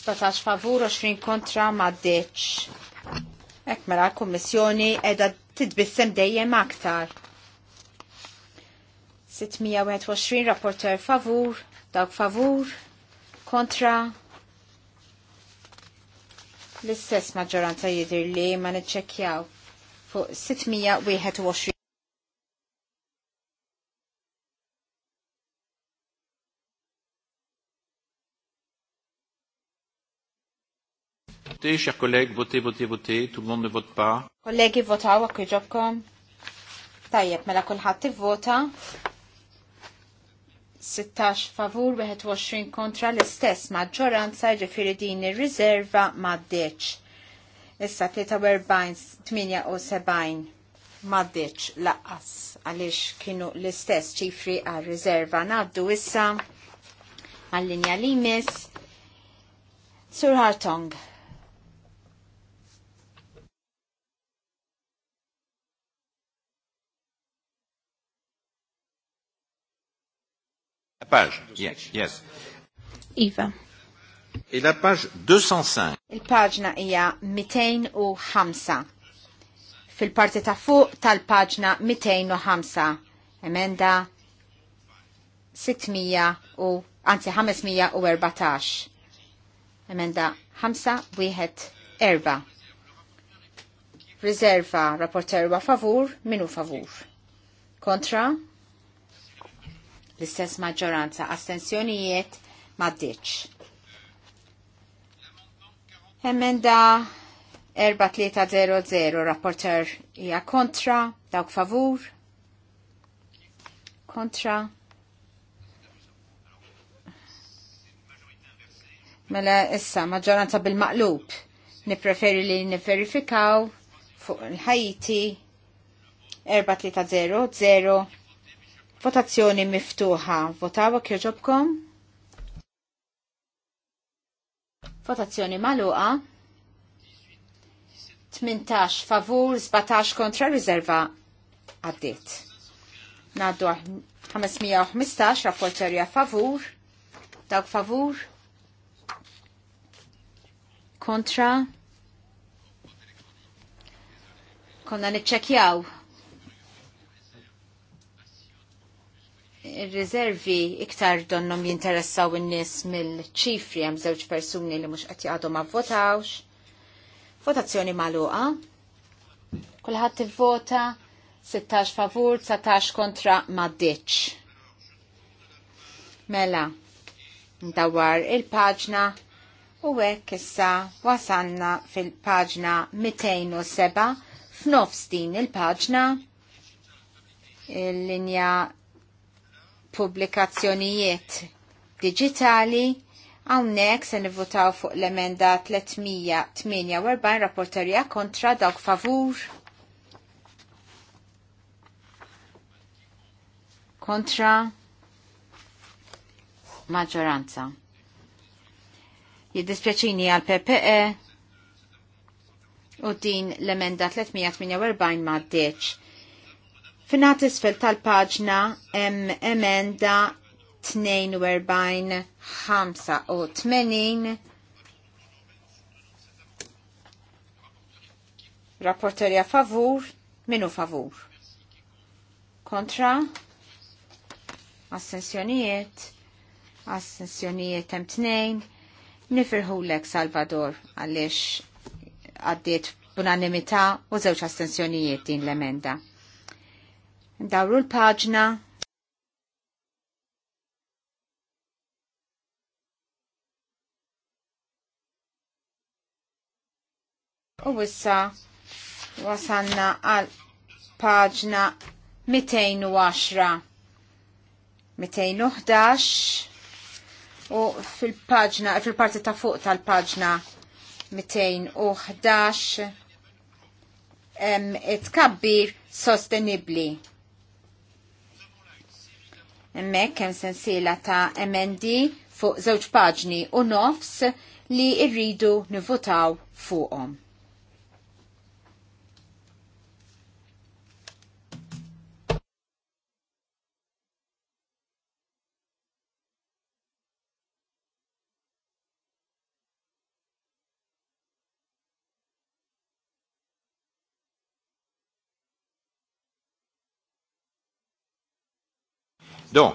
17 favur 20 kontra ma deċ. Ek mela l-kommissjoni edha titbissem dejjem aktar. 621 rapporter favur, dawk favur, kontra. L-istess maġġoranza jidir li ma neċekjaw fuq 621. Votez, chers collègues, votez, votez, votez. Tout le monde ne vote pas. Collègues, votez, votez, votez. Kollegi, votaw, għakku ġobkom. Tajjeb, mela kullħat vota. 16 favur, washing kontra l-istess maġġoranza ġifiri din ir-riserva ma' deċ. Issa 43-78 maddiċ laqqas għalix kienu l-istess ċifri għal Rizerva naddu issa għall-linja limis Sur Hartong. yes, yes. Eva et la page 205. Il-paġna hija 205. Fil-parti ta' fuq tal-paġna 205. Emenda 600 u anzi 514. Emenda 5 wieħed erba. Riserva rapporter wa favur, minu favur. Kontra? L-istess maġġoranza astensjonijiet ditx. Emenda 4300, rapporter hija kontra, dawk favur, kontra. Mela issa maġġoranza bil-maqlub. Nipreferi li niverifikaw fuq il-Ħajti 4300 votazzjoni miftuħa. Votaw kjoġobkom? Votazzjoni maluqa. 18 favur, 17 kontra riserva għaddit. Naddu 515 rapporterja favur, dawk favur, kontra, konna nitċekjaw il-rizervi iktar donnom jinteressaw in-nies mill-ċifri hemm żewġ persuni li mhux qed jgħadhom ma votawx. Votazzjoni magħluqa. Kulħadd ivvota 16 favur, 19 kontra m'għaddiċ. Mela, ndawar il-paġna u hekk issa wasanna fil-paġna 207 f'nofs din il-paġna il-linja pubblikazzjonijiet digitali Għawnek se nivvotaw fuq l-emenda 348 rapporterja kontra dawk favur. Kontra maġġoranza. Jiddispjaċini għal PPE u din l-emenda 348 ma' deċ. Finat isfel tal-paġna hemm emenda 42-85 Rapporterja favur, minu favur. Kontra, assenzjonijiet, assenzjonijiet hemm tnejn, nifirħulek Salvador għaliex għaddiet b'unanimità u żewġ assenzjonijiet din l-emenda. Dawru l-paġna. U issa wasanna għal paġna 210. 211 u fil-paġna, fil-parti ta' fuq tal-paġna 211 tkabbir sostenibli. Emmek kem sensiela ta' MND fuq żewġ paġni u nofs li irridu nivvotaw fuqhom. Donc,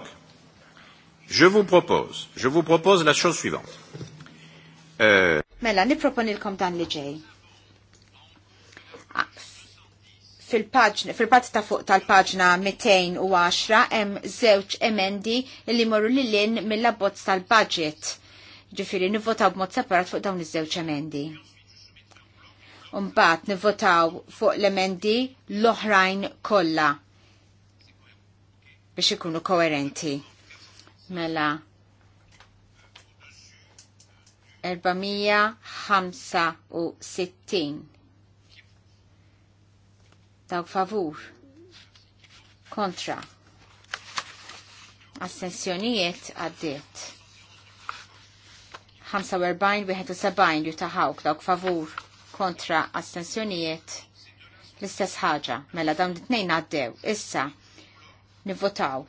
je vous propose, je vous propose la chose suivante. Euh... Mela, l-kom dan li ġej. Ah, fil-pagġna, fil ta' fuq tal-pagġna 210 hemm żewġ emendi li morru li l-in mill-abbozz tal-budget. Ġifieri nivvotaw b'mod separat fuq dawn iż-żewġ emendi. Umbagħad nivvotaw fuq l-emendi l-oħrajn kollha biex ikunu koerenti. Mela 465 dawk favur kontra assenzjonijiet għaddiet 45-71 jutaħawk dawk favur kontra assenzjonijiet l-istess ħaġa mela dawn it-tnejn għaddew issa nivvotaw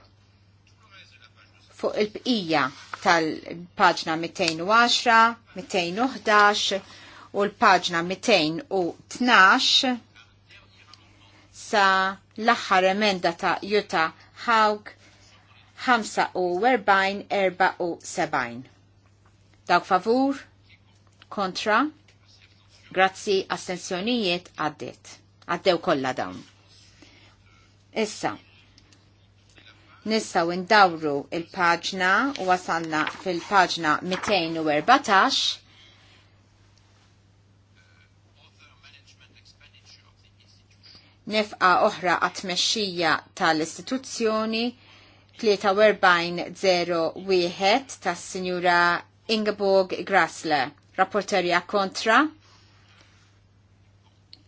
fuq il-bqija tal-paġna 210, 211 u l-paġna 212 sa l-aħħar emenda ta' Juta Hawk 45-74. Dawk favur, kontra, grazzi assenzjonijiet għaddit. Għaddew kollha dawn. Issa, nistaw indawru il-paġna u wasanna fil-paġna 214 nefqa oħra għatmexxija tal-istituzzjoni 4301 tas-Sinjura Ingeborg Grasler, rapporterja kontra,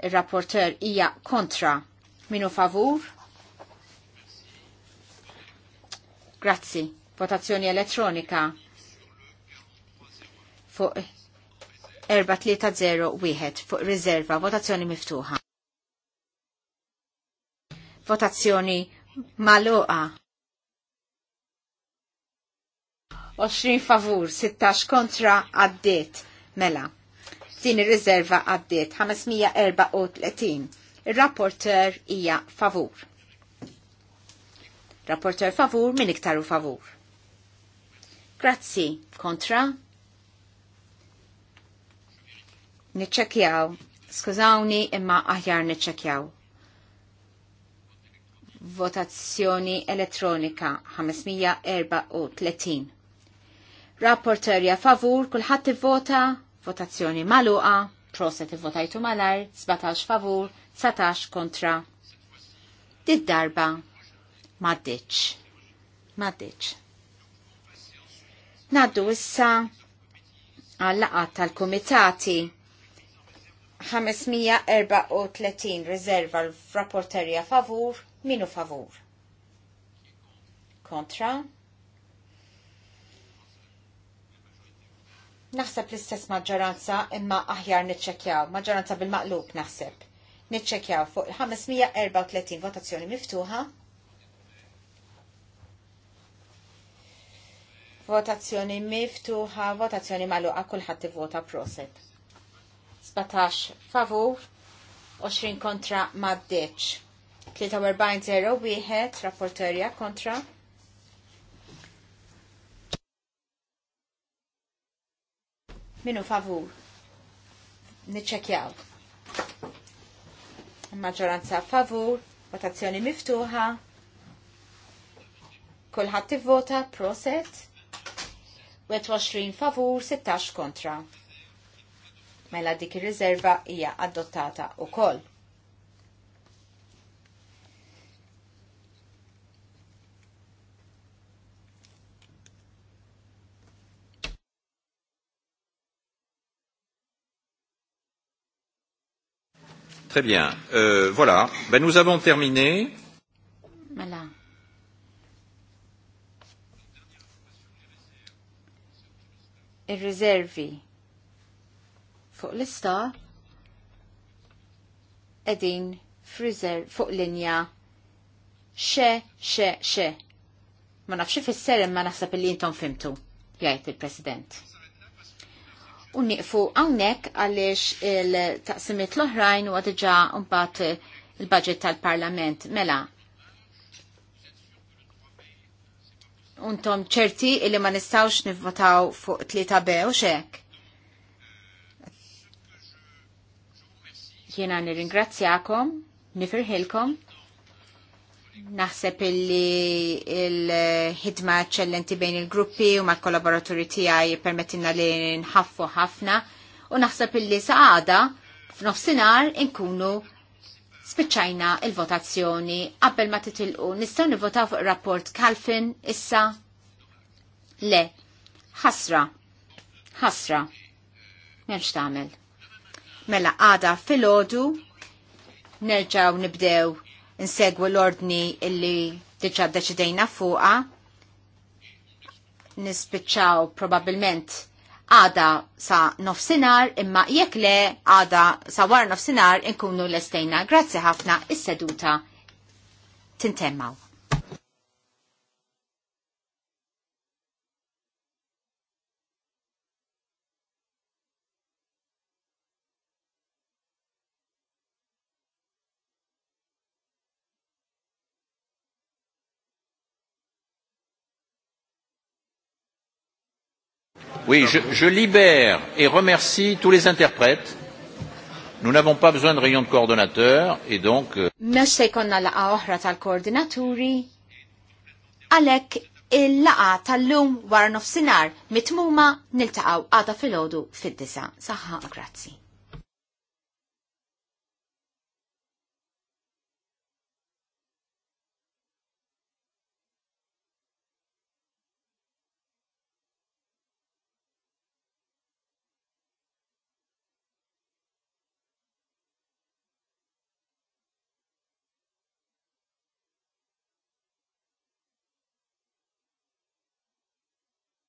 il-rapporter hija kontra minu favur Grazzi. Votazzjoni elettronika fuq 4301 fuq riserva. Votazzjoni miftuħa. Votazzjoni maluqa. 20 favur, 16 kontra għaddit. Mela, din ir-riserva għaddit 534. Ir-rapporter hija favur. Rapporter favur min iktaru favur. Grazzi. Kontra? Niċċekjaw. Skużawni imma aħjar niċċekjaw. Votazzjoni elettronika 534. Rapporter ja favur, kulħadd ivvota, votazzjoni maluqa, proset ivvotajtu malar, 17 favur, 19 kontra. Did darba Maddiċ. Maddiċ. Naddu issa għallaqat tal-komitati 534 riserva l-rapporterja favur, minu favur. Kontra. Naħseb l-istess maġġoranza imma aħjar niċċekjaw, maġġoranza bil-maqlub naħseb. Niċċekjaw fuq 534 votazzjoni miftuħa. Votazzjoni miftuħa, votazzjoni maluqa, kullħat vota proset. 17 favur, 20 kontra maddeċ. 43 wieħed, rapporterja kontra. Minu favur. Niċċekjaw. Maġġoranza favur, votazzjoni miftuħa. Kulħadd tivvota proset. 21 favur, 16 kontra. Mela dik ir-riserva hija adottata wkoll. Très bien. Euh, voilà. Ben, nous avons terminé. Voilà. Mela. ir rizervi fuq lista edin frizer fuq linja xe xe xe. Ma nafx fisser imma naħseb li intom fimtu, jgħid il-President. U niqfu hawnhekk għaliex il-taqsimiet l-oħrajn u għadġa mbagħad il-budget tal-Parlament mela untom ċerti illi ma nistawx nivvotaw fuq tlieta b u xek. Jena nirringrazzjakom, nifirħilkom, naħseb illi il-ħidma ċellenti bejn il-gruppi u ma' kollaboraturi tijaj permettinna li nħaffu ħafna u naħseb illi saħada f'nofsinar inkunu Spiċċajna il-votazzjoni qabel ma titilqu. Nistgħu nivvotaw fuq ir-rapport Kalfin issa? Le. Ħasra. Ħasra. M'hemmx tagħmel. Mela għada fil-ħodu nerġaw nibdew insegwu l-ordni illi diġà deċidejna fuqha. nispiċċaw probabbilment għada sa nofsinar imma jekk le għada sa war nofsinar inkunu l-estejna. Grazzi ħafna is-seduta tintemmaw. Oui, je, je libère et remercie tous les interprètes. Nous n'avons pas besoin de réunion de coordonnateurs et donc... Alek euh, se laqa tal-koordinaturi, għalek il-laqa tal-lum wara nofsinar mitmuma niltaqaw għada fil-ħodu fil disa Saħħa, grazzi.